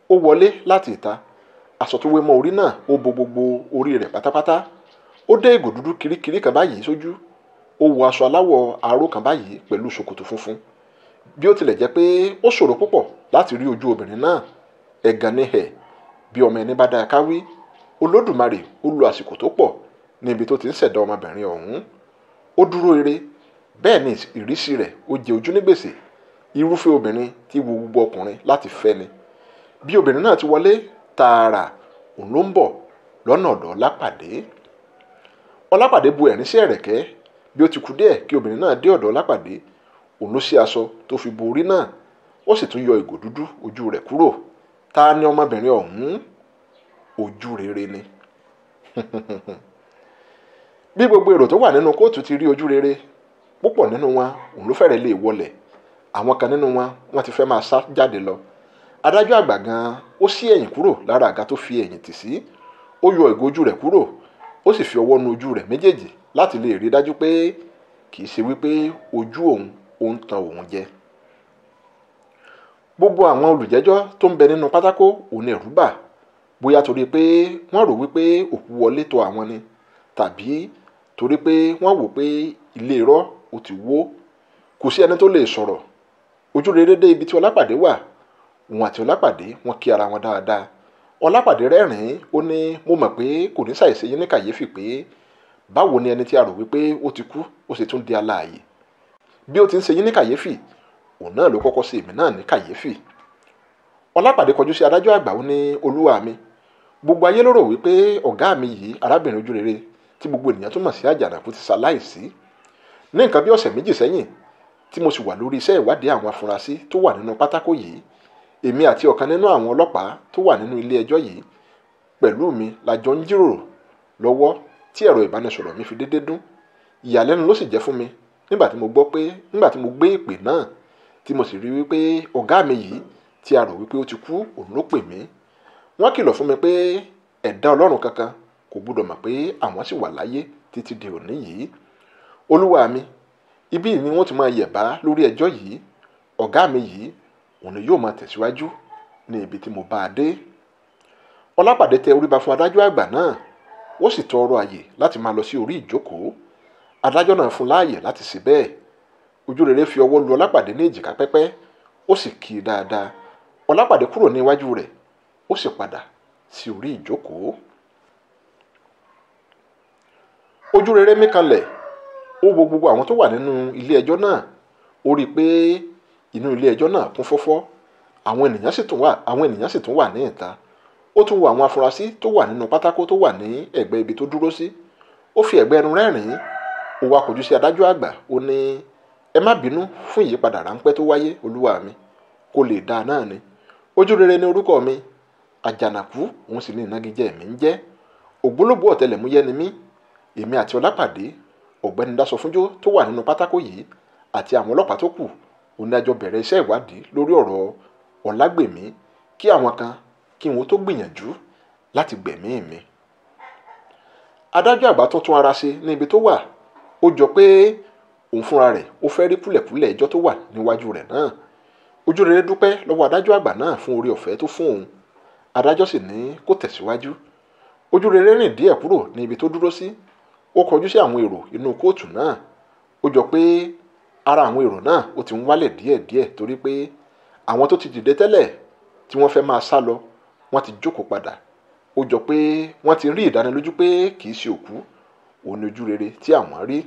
ó wọlé láti ìta aṣọ tó wé mọ́ orí náà ó bo gbogbo orí rẹ̀ pátápátá ó dé ìgò dúdú kirikiri kan báyìí sójú ó wọ aṣọ aláwọ̀ aró kan báyìí pẹ̀lú ṣòkòtò funfun bí ó tilẹ̀ jẹ́ pé ó ṣòro púpọ̀ láti rí ojú obìnrin náà ẹ̀gàn ni hẹ̀ bí ọmọ ẹni bá dáa káwí olódùmarè ó lo àsìkò tó pọ̀ ní ibi tó ti ń ṣẹ̀dá ọmọbìnrin ọ̀hún ó dúró ire bẹ́ẹ̀ ni ìrísí rẹ̀ ó jẹ ojú ní gbèsè irúfẹ́ obìnrin tí wo gbogbo ọkùnrin láti fẹ́ ni bí obìnrin náà ti wọlé tààrà òun ló ń bọ̀ lọ́nà ọ̀dọ̀ ọlápàdé ọlápàdé bu ẹ̀rín sí ẹ̀rẹ̀kẹ́ bí ó ti kú díẹ̀ kí obìnrin náà dé ọ̀dọ̀ lápàdé òun ló ṣí aṣọ tó fi bo orí náà ó sì tún yọ ìgò dúdú ojú rẹ̀ kúrò ta ni ọmọbìnrin ọ̀hún ojú rere ni [laughs] bí gbogbo èrò tó wà nínú kóòtù ti rí ojú rere púpọ̀ nínú wọn òun ló fẹ́rẹ̀ lè e wọlẹ̀ àwọn kan nínú wọn wọ́n ti fẹ́ máa sá jáde lọ adájọ́ àgbà gan-an ó ṣí ẹ̀yìn kúrò lára àga tó fi ẹ̀yìn tì sí ó yọ ìgò ojú rẹ̀ kúrò ó sì fi ọwọ́ nu ojú rẹ̀ méjèèjì láti lè rí dájú pé kì í ṣe wípé ojú òun ó ń tan òun jẹ gbogbo àwọn olùjẹ́jọ́ tó ń bẹ nínú pátákó òun ni ẹ̀rù bà bóyá torí pé wọ́n rò wípé òkú wọlé tọ̀ àwọn ni tàbí torí pé wọ́n wò pé ilé irọ́ ó ti wó kò sí ẹni tó lè sọ̀rọ̀ ojú rere dé ibi tí ọlápàdé wà òun àti ọlápàdé wọ́n kí ara wọn dáadáa ọlápàdé rẹ́rìn-ín ó ní mo mọ̀ pé kò ní ṣàìṣe yín ní kàyéfì pé báwo ni ẹni tí a rò wípé ó ti kú ó sì tún di aláàyè bí ó ti ń ṣe yín ní kàyéfì òun náà ló kọ́kọ́ ṣe èmi náà ní kàyéfì ọlápàdé kọjú sí adájọ́ àgbà ó ní olúwa mi gbogbo ayé ló rò wípé ọ̀gá mi yìí arábìnrin ojú rere tí gbogbo ènìyàn tó mọ̀ sí àjànàkú ti ṣaláìsí ní nǹkan bí ọ̀sẹ̀ méjì sẹ́yìn tí mo sì wà lórí iṣẹ́ ìwádìí àwọn afurasí tó wà nínú pátákó yìí èmi àti ọ̀kan nínú àwọn ọlọ́pàá tó wà nínú ilé ẹjọ́ yìí pẹ̀lú mi la jọ ń jíròrò lọ́wọ́ tí ẹ̀rọ ìbánisọ̀rọ̀ mi fi dédé dún ìyàlẹ́nu ló sì jẹ́ fún mi nígbà tí mo gbọ́ pé nígbà tí mo gbé ìpè náà tí mo sì rí wípé ọ̀gá mi yìí tí a rò wípé ó ti kú òun ló pè mí wọ́n kìlọ̀ fún mi pé ẹ̀dá ọlọ́run kankan kò gbúdọ̀ mọ̀ pé àwọn sì wà láyé títí di òní yìí olúwa mi ibí ni wọ́n ti máa yẹ̀bá lórí ẹjọ́ yìí ọ̀gá mi yìí òun ni yóò máa tẹ̀síwájú ní ibi tí mo bá a dé ọlápàdé tẹ orí fún adájọ́ àgbà náà ó sì tọrọ àyè láti máa lọ sí orí ìjókòó adájọ́ náà fún láàyè láti ṣe bẹ́ẹ̀ ojúrere fi ọwọ́ lu ọlápàdé ní èjìká pẹ́pẹ́ ó sì kì í dáadáa ọlápàdé kúrò ní iwájú rẹ̀ ó sì padà sí orí ìjókòó ojúrere mí kanlẹ̀ ó wo gbogbo àwọn tó wà nínú ilé ẹjọ́ náà ó rí i pé inú ilé ẹjọ́ náà kún fọ́fọ́ àwọn ènìyàn sì tún wà ní ìta ó tún wo àwọn afurasí tó wà nínú pátákó tó wà ní ẹ̀gbẹ́ ibi tó dúró sí ó fi ẹ̀gbẹ́ ẹnu rẹ́rìn-ín ó wá kọjú sí adájọ́ àgbà ó ní ẹ má bínú fún ìyípadà ráńpẹ́ tó wáyé olúwa mi kó lè dáa náà ni ojú rere ni orúkọ mi àjànàkú òun sì ní ìnagijẹ mi ń jẹ́ ògbólógbòó ọ̀tẹlẹ̀múyẹ́ ni mí èmi àti ọlápàdé ọ̀gbẹ́ni dasọfúnjó tó wà nínú pátákó yìí àti àwọn ọlọ́pàá tó kù òun ni a ìwádìí lórí ọ̀rọ̀ ọ̀làgbèmí kí àwọn kan kí n ó tó gbìyànjú láti gbẹ̀mí mi adájọ́ àgbà tó tún ara ṣe ní ibi tó wà ó jọ pé òun fúnra rẹ̀ ó fẹ́ rí púlẹ̀púlẹ̀ ẹjọ́ tó wà níwájú rẹ̀ náà ojú rere dúpẹ́ lọ́wọ́ adájọ́ àgbà náà fún oore ọ̀fẹ́ tó fún òun adájọ́ sì ní kó tẹ̀síwájú ojú rere rìn díẹ̀ kúrò ní ibi tó dúró sí ó kọjú sí àwọn èrò inú kóòtù náà ó jọ pé ara àwọn èrò náà ó ti ń wálẹ̀ díẹ̀díẹ̀ torí pé àwọn tó ti dìde tẹ́lẹ̀ tí wọ́n fẹ́ máa sá lọ wọ́n ti jókòó padà ó jọ pé wọ́n ti rí ìdánilójú pé kì í ṣe òkú òun ni ojú rere tí àwọn rí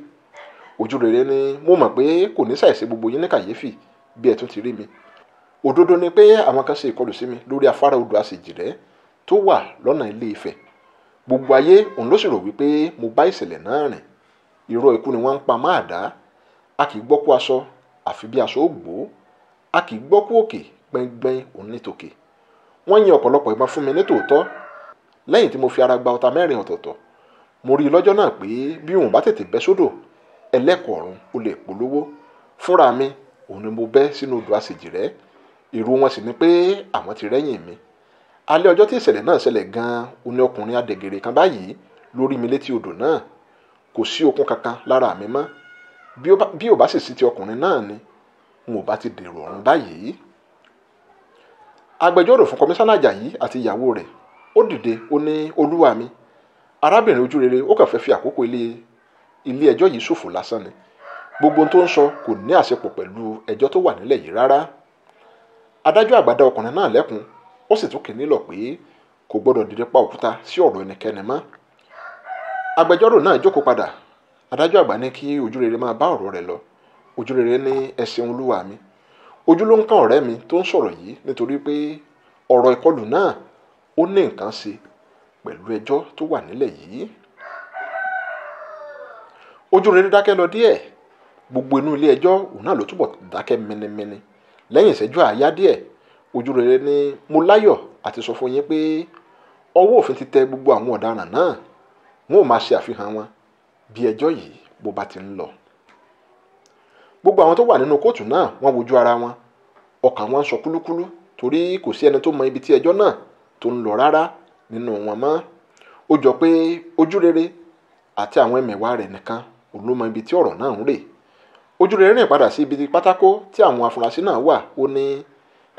ojú rere ni mo mọ̀ pé kò ní ṣàìsí gbogbo yín ní kàyéfì bí ẹ tún ti rí mi òdodo ni pé àwọn kan ṣe ìkọlù sí mi lórí afárá odò àṣejìrẹ́ tó wà lọ́nà ilé Ifẹ̀ gbogbo ayé òun ló sì rò wípé mo bá ìṣẹ̀lẹ̀ náà rìn irọ́ ikú ni wọ́n ń pa máa dá a kì í gbọ́ kú aṣọ àfi bí aṣọ ó gbó a kì í gbọ́ kú òkè gbẹngbẹng òun ní tòkè wọ́n yin ọ̀pọ̀lọpọ̀ ìbọn fún mi nítòótọ́ lẹ́yìn tí mo fi ara gba ọta mẹ́rin ọ̀tọ̀ọ̀tọ̀ mo rí i lọ́jọ́ náà pé bí òun bá tètè bẹ́ sódò ẹlẹ́kọ̀ọ́ ọ̀run ó lè polówó fúnra mi òun ni mo bẹ́ sínú odò àṣejì rẹ̀ èrò wọn sì ni pé àwọn ti rẹ́yìn mi alẹ́ ọjọ́ tí ìṣẹ̀lẹ̀ náà ṣẹlẹ̀ gan-an òun ni ọkùnrin adẹ̀gẹ̀rẹ̀ kan báyìí lórí mi létí odò náà kò sí okun kankan lára mi mọ́ bí ó bá sì sí ti ọkùnrin náà ni n ò bá ti dèrò ọ̀run báyìí agbẹjọ́rò fún kọmíṣánná Àjàyí àti ìyàwó rẹ̀ ó dìde ó ní olúwa mi arábìnrin ojú rere ó kàn fẹ́ fi àkókò ilé ilé ẹjọ́ yìí ṣòfò lásán ni gbogbo tó ń sọ kò ní àṣepọ̀ pẹ̀lú ẹjọ́ tó wà nílẹ̀ yìí rárá adájọ́ àgbà dá ọkùnrin náà lẹ́kùn ó sì tún kìíní lọ pé kò gbọ́dọ̀ dìde pa òkúta sí ọ̀rọ̀ ẹnikẹ́ni mọ́ agbẹjọ́rò náà jókòó padà adájọ́ àgbà ní kí ojú máa bá ọ̀rọ̀ rẹ̀ lọ ojú ní ẹ olúwa mi ojú ló ń kan ọ̀rẹ́ mi tó ń sọ̀rọ̀ yìí nítorí pé ọ̀rọ̀ ìkọlù náà ó ní nǹkan ṣe pẹ̀lú ẹjọ́ tó wà nílẹ̀ yìí ojú rere dákẹ́ lọ díẹ̀ gbogbo inú ilé ẹjọ́ òun náà ló túbọ̀ dákẹ́ mẹnimẹni lẹ́yìn ìṣẹ́jú àáyá díẹ̀ ojú rere ni mo láyọ̀ àti sọ fún yín pé ọwọ́ òfin ti tẹ gbogbo àwọn ọ̀daràn náà wọn ò máa ṣe àfihàn wọn bí ẹjọ́ yìí bó bá ti ń lọ. gbogbo àwọn tó wà nínú kóòtù náà wọ́n wojú ara wọn ọkàn wọn sọ kúlúkúlú torí kò sí ẹni tó mọ ibi tí ẹjọ́ náà tó ń lọ rárá nínú wọn mọ́ ó jọ pé ojú rere àti àwọn ẹmẹ̀wà rẹ̀ nìkan òun ló mọ ibi tí ọ̀rọ̀ náà ń rè ojú rere rìn padà sí ibi pátákó tí àwọn afurasí náà wà ó ní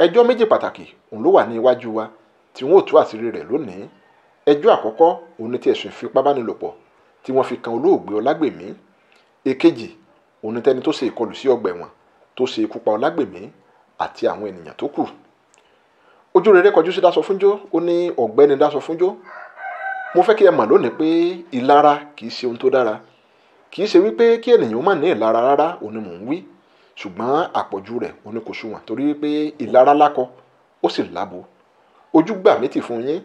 ẹjọ́ méjì pàtàkì òun ló wà ní iwájú wa tí wọn ò tú àṣírí rẹ̀ lónìí ẹjọ́ àkọ́kọ́ òun ni ti ẹ̀sùn ìfipábánilòpọ̀ tí wọ́n fi kan olóògbé ọlágbèmí èkejì òun ni tẹni tó ṣe ìkọlù sí ọgbà tó ṣe ikú pa ọlágbèmí àti àwọn ènìyàn tó kù ojú rere kọjú sí Dáṣọfúnjó ó ní ọ̀gbẹ́ni Dáṣọfúnjó mo fẹ́ kí ẹ mọ̀ lónìí pé ìlara kì í ṣe ohun tó dára kì í ṣe wípé kí ènìyàn má ní ìlara rárá òun ni mò ń wí ṣùgbọ́n àpọ̀jù rẹ̀ òun ni kò ṣùwọ̀n torí wípé ìlara lákọ ó sì lábo ojú gbà mí tì fún yín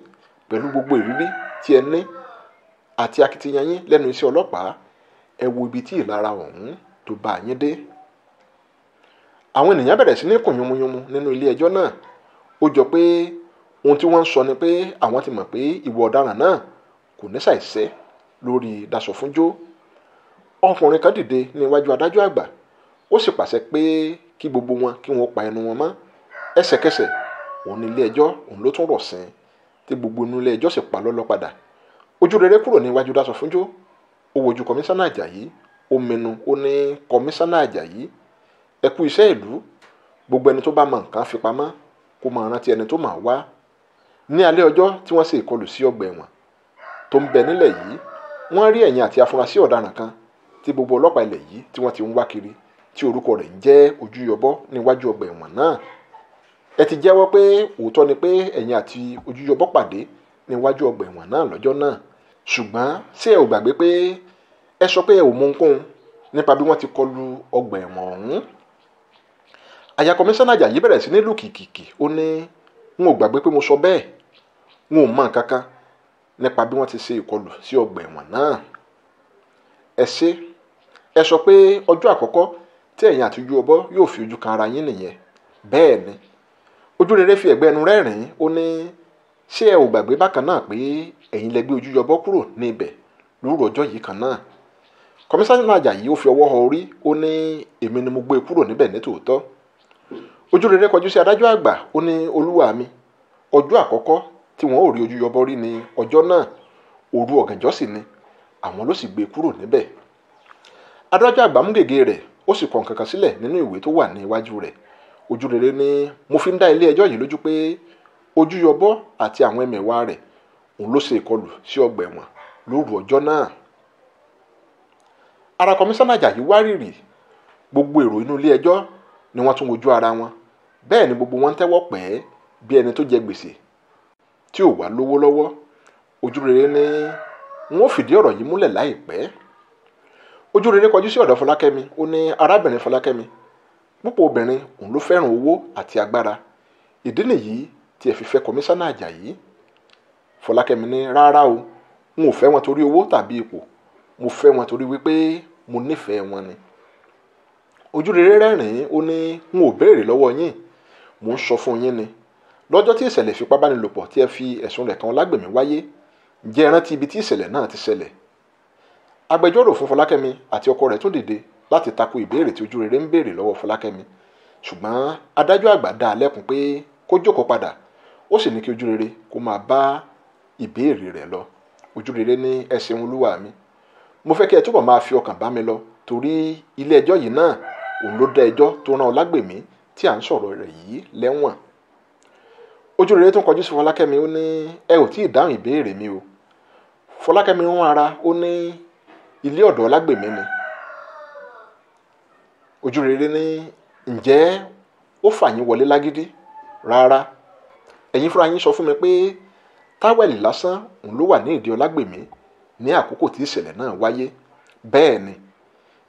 pẹ̀lú gbogbo ìrírí tí ẹ ní àti akitiyan yín lẹ́nu iṣẹ́ ọlọ́pàá ẹ wo ibi tí ìlara ọ̀hún tó bá yín dé àwọn ènìyàn bẹ̀rẹ̀ sí ní kùn yúnmúyúnmú nínú ilé ẹjọ́ náà ó jọ pé ohun tí wọ́n ń sọ ni pé àwọn ti mọ̀ pé ìwọ ọ̀daràn náà kò ní ṣàìṣẹ́ lórí Daṣọ̀fúnjó ọkùnrin kan dìde níwájú adájọ́ àgbà ó sì pàṣẹ pé kí gbogbo wọn kí wọn pa ẹnu wọn mọ́ ẹsẹ̀kẹsẹ̀ òun ní ilé ẹjọ́ òun ló tún rọ̀ sí tí gbogbo inú ilé ẹjọ́ sì pa lọ́lọ́ padà ojú rere kúrò níwájú Daṣọ̀fúnjó ó wojú kọmíṣánná Àjàyí ó mẹnu ó ní kọmíṣánná Àjàyí ẹ kú iṣẹ́ ìlú gbogbo ẹni tó bá mọ nǹkan fi pamọ́ kó máa rántí ẹni tó máa wá ní alẹ́ ọjọ́ tí wọ́n ṣe ìkọlù sí ọgbà ẹ̀wọ̀n tó ń bẹ nílẹ̀ yìí wọ́n rí ẹ̀yìn àti afurasí ọ̀daràn kan tí gbogbo ọlọ́pàá ilẹ̀ yìí tí wọ́n ti ń wá kiri tí orúkọ rẹ̀ ń jẹ́ Ojúyọbọ níwájú ọgbà ẹ̀wọ̀n náà ẹ ti jẹ́wọ́ pé òótọ́ ni pé ẹ̀yìn àti Ojúyọbọ pàdé níwájú ọgbà ẹ̀wọ̀n náà lọ́jọ́ náà ṣùgbọ́n ṣé ẹ ò gbàgbé pé ẹ sọ pé ẹ ò mọ ohunkóhun nípa bí wọ́n ti kọlu ọgbà ẹ̀wọ̀n ọ̀hún aya kọmíṣánná Àjàyí bẹ̀rẹ̀ sí ní lù kìkìkì ó ní n ò gbàgbé pé mo sọ bẹ́ẹ̀ n ò mọ nǹkan kan nípa bí wọ́n ti ṣe ìkọlù sí ọgbà ẹ̀wọ̀n náà ẹ ṣe ẹ sọ pé ọjọ́ àkọ́kọ́ tí ẹ̀yin àti ojú ọbọ yóò fi ojú kan ara yín nìyẹn bẹ́ẹ̀ ni ojú rere fi ẹ̀gbẹ́ ẹnu rẹ́rìn-ín ó ní ṣé ẹ ò gbàgbé bákan náà pé ẹ̀yin lẹ ojú yọbọ kúrò ní ibẹ̀ lóru ọjọ́ yìí kan náà kọmíṣánná Àjàyí ó fi ọwọ́ họ orí ó ní èmi ni mo gbé e kúrò níbẹ̀ nítòótọ́ ojú rere kọjú sí adájọ́ àgbà ó ní olúwa mi ọjọ́ àkọ́kọ́ tí wọn ò rí ojú yọbọ rí ni ọjọ́ náà òru ọ̀gànjọ́ sì ni àwọn ló sì gbé e kúrò níbẹ̀ adájọ́ àgbà mú gègé rẹ̀ ó sì kọ nǹkan kan sílẹ̀ nínú ìwé tó wà ní iwájú rẹ̀ ojú rere ni mo fi ń dá ilé ẹjọ́ yìí lójú pé ojú yọbọ àti àwọn ẹmẹ̀wà rẹ̀ òun ló ṣe ìkọlù sí ọgbà ẹ̀wọ̀n lóru ọjọ́ náà ara kọmísánná Àjàyí wárìrì gbogbo èrò inú ilé ẹjọ́ ni wọ́n tún wojú ara wọn bẹ́ẹ̀ ni gbogbo wọn tẹ́wọ́ pẹ́ bí ẹni tó jẹ gbèsè tí ò wá lówó lọ́wọ́ ojúrere ni wọ́n fìdí ọ̀rọ̀ yìí múlẹ̀ láìpẹ́ ojúrere kọjú sí ọ̀dọ̀ fọlákẹ́mi ó ní arábìnrin fọlákẹ́mi púpọ̀ obìnrin òun ló fẹ́ràn owó àti agbára ìdí nìyí tí ẹ fi fẹ́ kọmíṣánná àjàyí fọlákẹ́mi ní rárá o n ò fẹ́ wọn torí owó tàbí ipò mo fẹ́ wọn torí wípé mo nífẹ̀ẹ́ wọn ni ojúrere rẹ́rìn-ín ó ní n ò béèrè lọ́wọ́ yín mò ń sọ fún yín ni lọ́jọ́ tí ìṣẹ̀lẹ̀ ìfipábánilòpọ̀ tí ẹ fi ẹ̀sùn rẹ̀ kan lágbèmí wáyé ǹjẹ́ ẹ rántí ibi tí ìṣẹ̀lẹ̀ náà ti ṣẹlẹ̀ agbẹjọ́rò fún fọlákẹ́mi àti ọkọ rẹ̀ tún dìde láti tako ìbéèrè tí ojúrere ń béèrè lọ́wọ́ fọlákẹ́mi ṣùgbọ́n adájọ́ àgbà dá a lẹ́kùn pé kó jókòó padà ó sì ní kí ojúrere kó máa bá ìbéèrè rẹ̀ lọ ojúrere ní ẹ olúwa mi mo fẹ́ kí ẹ túbọ̀ máa fi ọkàn bá mi lọ torí ilé ẹjọ́ yìí náà òun ló dá ẹjọ́ tó rán Ọlágbèmí tí à ń sọ̀rọ̀ rẹ̀ yìí lẹ́wọ̀n ojú rere tó ń kọjú sí Fọlákẹ́mi ó ní ẹ ò tí ì dáhùn ìbéèrè mi o Fọlákẹ́mi ń ara ó ní ilé ọ̀dọ̀ Ọlágbèmí ni ojú rere ní ǹjẹ́ ó fà wọlé lágídí rárá ẹ̀yin fúnra yín sọ fún mi pé táwẹ̀lì lásán òun ló wà ní ìdí Ọlágbèmí ní àkókò tí ìṣẹ̀lẹ̀ náà wáyé bẹ́ẹ̀ ni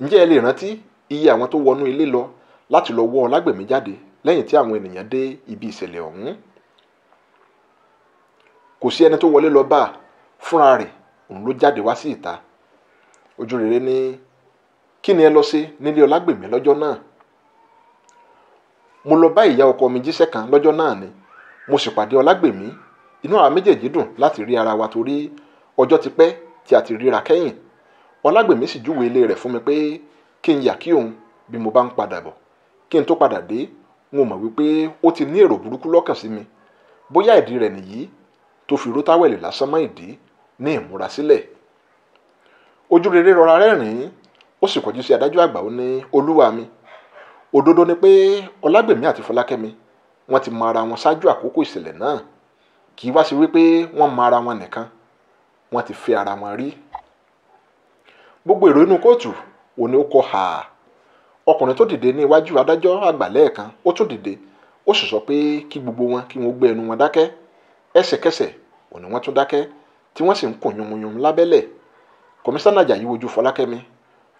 ǹjẹ́ ẹ lè rántí iye àwọn tó wọnú ilé lọ láti lọ wọ́ ọlágbẹ̀mí jáde lẹ́yìn tí àwọn ènìyàn dé ibi ìṣẹ̀lẹ̀ ọ̀hún kò sí ẹni tó wọlé lọ bá fúnra rẹ̀ òun ló jáde wá sí ìta ojú rere ní kí ni ẹ lọ sí nílé ọlágbẹ̀mí lọ́jọ́ náà mo lọ bá ìyá ọkọ mi jíṣẹ́ kan lọ́jọ́ náà ni mo sì pàdé ọlágbẹ̀mí inú àwa méjèèjì dùn láti rí ara wa torí ọjọ́ ti pẹ́ tí a ti ríra kẹ́yìn ọlágbẹ̀mí sì júwe ilé rẹ̀ fún mi pé kí n yà kí òun bí mo bá ń padà bọ̀ kí n tó padà dé n ò mọ̀ wípé ó ti ní èrò burúkú lọ́kàn sí mi bóyá ìdí rẹ̀ nìyí tó fi ró táwẹ̀lì lásán mọ́ ìdí ní ìmúra sílẹ̀ ojú rere rọra rẹ́rìn-ín ó sì kọjú sí adájọ́ àgbà ó ní olúwa mi òdodo ni pé ọlágbèmí àti fọlákẹ́mi wọ́n ti mọ ara wọn ṣáájú àkókò ìṣẹ̀lẹ̀ náà kì í wá sí wípé wọ́n mọ ara wọn nìkan wọ́n ti fẹ́ ara wọn rí gbogbo èrò inú kóòtù òun ni ó kọ hà ọkùnrin tó dìde ní iwájú adájọ́ àgbà lẹ́ẹ̀kan ó tún dìde ó sì sọ pé kí gbogbo wọn kí wọn gbé ẹnu wọn dákẹ́ ẹsẹ̀kẹsẹ̀ òun ni wọ́n tún dákẹ́ tí wọ́n sì ń kùn yunmuyun lábẹ́lẹ̀ kọmísánná Àjàyí wojú Fọlákẹ́mi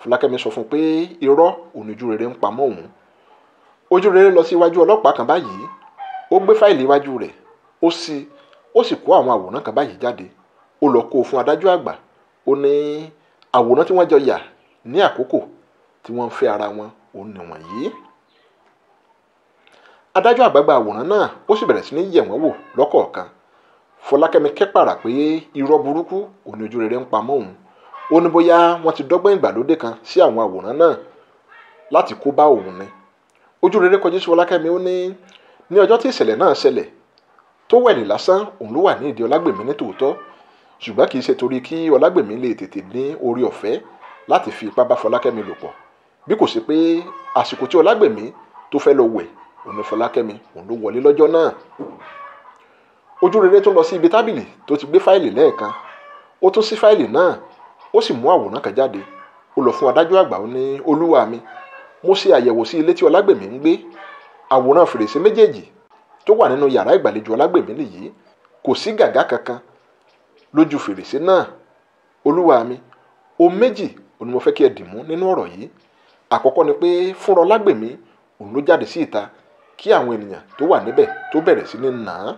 Fọlákẹ́mi sọ fún un pé irọ́ òun ojú rere ń pamọ́ òun ojú rere lọ sí iwájú ọlọ́pàá kan báyìí ó gbé fáìlì iwájú rẹ̀ ó sì ó sì kó àwọn àwòrán kan báyìí jáde ó lọ kó o fún adájọ́ àgbà ó ní àwòrán tí wọ́n jọ yà ní àkókò tí wọ́n ń fẹ́ ara wọn òun nìwọ̀nyí. adájọ́ àgbàgbà àwòrán náà ó sì bẹ̀rẹ̀ sí ní yẹ̀ wọ́n wò lọ́kọ̀ọ̀kan fọlákẹ́mi kẹ́pàrà pé irọ́ burúkú òní ojú rere ń pamọ́ òun ó ní bóyá wọ́n ti dọ́gbọ́n ìgbàlódé kan sí àwọn àwòrán náà láti kó bá òun ni ojú rere kọjú sí fọlákẹ́mi ó ní ní ọjọ́ tí ìṣẹ̀lẹ̀ náà ṣẹlẹ̀ tó wẹ̀lì lásán òun ló wà ní ìdí ọlágbèmí ní tòótọ́ ṣùgbọ́n kì í ṣe torí kí ọlágbèmí lè tètè ní orí ọ̀fẹ́ láti fi ipá bá fọlákẹ́mi lò pọ̀ bí kò sí pé àsìkò tí ọlágbèmí tó fẹ́ lọ wẹ̀ òun fọlákẹ́mi òun ló wọlé lọ́jọ́ náà ojú rere tó lọ sí ibi tábìlì tó ti gbé fáìlì lẹ́ẹ̀kan ó tún sí fáìlì náà ó sì mú àwòrán kan jáde ó lọ fún adájọ́ àgbà ní olúwa mi mo ṣe àyẹ̀wò sí ilé tí ọlágbèmí ń gbé àwòrán fèrèsé méjèèjì tó wà nínú yàrá ìgbàlejò ọlágbèmí nìyí kò sí gàgá kankan lójú fèrèsé náà olúwa mi o méjì ó ní mo fẹ́ kí ẹ dìmú nínú ọ̀rọ̀ yìí àkọ́kọ́ ni pé fúnra lágbèmí òun ló jáde sí ìta kí àwọn ènìyàn tó wà níbẹ̀ tó bẹ̀rẹ̀ sí ní nà án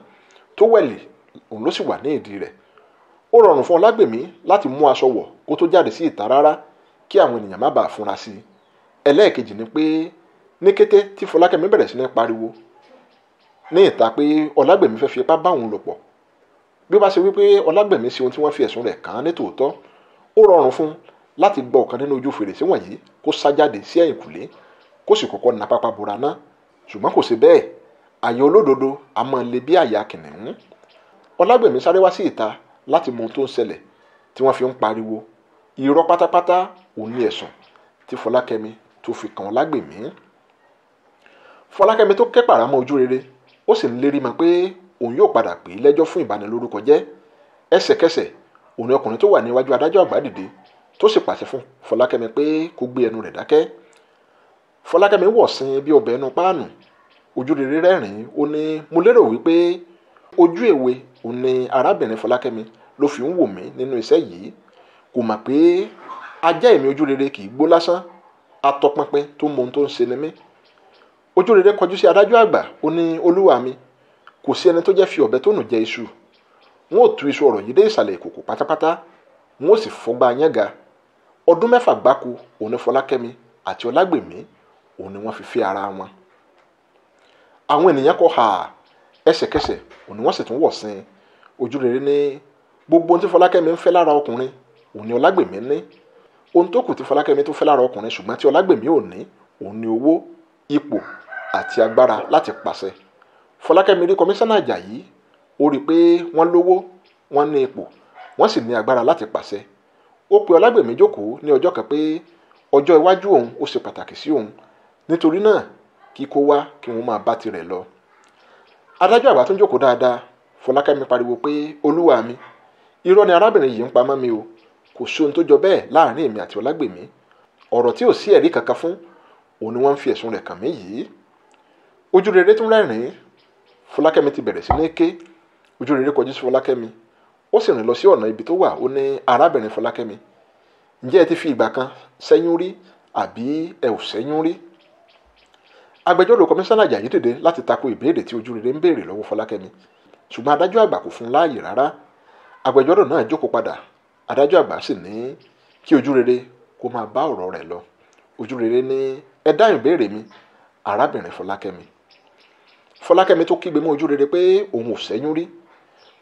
tó wẹ̀lì òun ló sì wà ní ìdí rẹ̀ ó rọrùn fún ọlágbèmí láti mú aṣọ wọ̀ kó tó jáde sí ìta rárá kí àwọn ènìyàn má bàa fúnra sí i ẹlẹ́ẹ̀kejì ni pé ní kété tí fọlákẹ́mi bẹ̀rẹ̀ sí ní pariwo ní ìta pé ọlágbèmí fẹ́ fi ipá bá òun lò pọ̀ bí ó bá ṣe wípé ọlágbèmí ṣe ohun tí wọ́n fi ẹ̀sùn rẹ̀ kàn án nítòótọ́ ó rọrùn fún láti gbọ́ ọ̀kan nínú ojú fèrèsé wọ̀nyí kó sá jáde sí ẹ̀yìnkùlé kó sì kọ́kọ́ na pápá bora ná ṣùgbọ́n kò ṣe bẹ́ẹ̀ àyà olódodo a máa le bí àyà kìnìún ọlágbẹ̀mí sáré wá sí ìta láti mọ ohun tó ń ṣẹlẹ̀ tí wọ́n fi ń pariwo irọ́ pátápátá òun ni ẹ̀sùn tí fọlákẹ́mi tó fi kàn ọlágbẹ̀mí fọlákẹ́mi tó kẹ́ mọ́ ojú rere ó sì ń lérí mọ́ pé òun yóò padà pè é lẹ́jọ́ fún ìbanilórúkọ jẹ́ ẹsẹ̀kẹsẹ̀ òun ọkùnrin tó wà níwájú adájọ́ àgbà dìde tó sì pàṣẹ fún fọlákẹ́mi pé kó gbé ẹnu rẹ̀ dákẹ́ fọlákẹ́mi wọ̀ sin bí ọbẹ̀ ẹnu páànù ojú rere rẹ́rìn-ín ó ní mo lérò wípé ojú èwe ò ní arábìnrin fọlákẹ́mi ló fi ń wò mí nínú iṣẹ́ yìí kò mọ̀ pé ajá èmi ojú rere kì í gbó lásán atọpinpin tó mọ ohun tó ń ṣe ni mí ojú rere kọjú sí adájọ́ àgbà ó ní olúwa mi kò sí ẹni tó jẹ́ fi ọ̀bẹ tó nù jẹ iṣu wọn ò tú iṣu ọ̀rọ̀ yìí dé ìsàlẹ̀ ìkòkò pátápátá wọn ò sì fọgbà yẹn ga ọdún mẹ́fà gbáko òun ni fọlákẹ́mi àti ọlágbèmí òun ni wọ́n fi fẹ́ ara wọn àwọn ènìyàn kọ hà ẹsẹ̀kẹsẹ̀ òun ni wọ́n sì tún wọ̀ sí i ojúrere ní gbogbo ohun tí fọlákẹ́mi ń fẹ́ lára ọkùnrin òun ni ọlágbèmí ní ohun tó kù tí fọlákẹ́mi tó fẹ́ lára ọkùnrin ṣùgbọ́n tí ọlágbèmí ò ní òun ni owó ipò àti agbára láti pàṣẹ fọlákẹ́mi rí kọmíṣánná àjàyí ó rí i pé wọ́n lówó wọ́n ní ipò wọ́n sì ní agbára láti pàṣẹ ó pe ọlágbèmí jókòó ní ọjọ́ kan pé ọjọ́ iwájú òun ó ṣe pàtàkì sí òun nítorí náà kí kó wá kí wọ́n máa bá tirẹ̀ lọ. adájọ́ àgbà tó ń jókòó dáadáa fọlákẹ́mi pariwo pé olúwa mi irọ́ ni arábìnrin yìí ń pamọ́ mi o kò sóhun tó jọ bẹ́ẹ̀ láàrin èmi àti ọlágbèmí ọ̀rọ̀ tí ò sí ẹ̀rí kankan fún òun ni wọ́n ń fi ẹ̀sùn rẹ̀ kàn mí yìí ojú rere tún rẹ́rìn-ín fọlákẹ́mi ti bẹ̀rẹ̀ sí ní ké ojú rere kọjú sí fọlákẹ́mi ó sì rìn lọ sí ọ̀nà ibi tó wà ó ní arábìnrin fọlákẹ́mi ǹjẹ́ ẹ ti fi ìgbà kan ṣẹ́yún rí àbí ẹ ò ṣẹ́yún rí agbẹjọ́rò kọmíṣánná Àjàyí dìde láti tako ìbéèrè tí ojúrere ń béèrè lọ́wọ́ fọlákẹ́mi ṣùgbọ́n adájọ́ àgbà kò fún láàyè rárá agbẹjọ́rò náà jókòó padà adájọ́ àgbà sì ní kí ojúrere kó máa bá ọ̀rọ̀ lọ ojúrere mi arábìnrin fọlákẹ́mi fọlákẹ́mi tó kígbe mọ́ ojúrere pé òun ò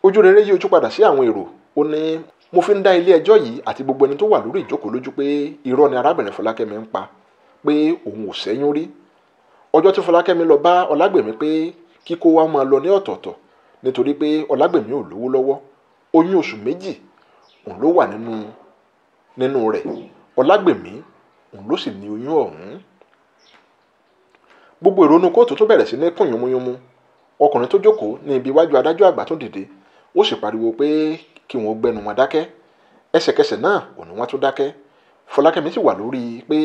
ojú rere yí ojú padà sí àwọn èrò ó ní mo fi ń dá ilé ẹjọ́ yìí àti gbogbo ẹni tó wà lórí ìjókòó lójú pé irọ́ ni arábìnrin Fọlákẹ́mi ń pa pé òun ò ṣẹ́yún rí ọjọ́ tí Fọlákẹ́mi lọ bá Ọlágbèmí pé kíkó wa máa lọ ní ọ̀tọ̀ọ̀tọ̀ nítorí pé Ọlágbèmí ò lówó lọ́wọ́ oyún oṣù méjì òun ló wà nínú nínú rẹ̀ Ọlágbèmí òun ló sì ní oyún ọ̀hún gbogbo ìrònú kóòtù tún bẹ̀rẹ̀ sí ní kùn ọkùnrin tó jókòó ní ibi iwájú adájọ́ àgbà tún dìde ó sì pariwo pé kí wọn gbẹnu wọn dákẹ́ ẹsẹ̀kẹsẹ̀ náà òun wọn tún dákẹ́ fọlákẹ́mi sì wà lórí pé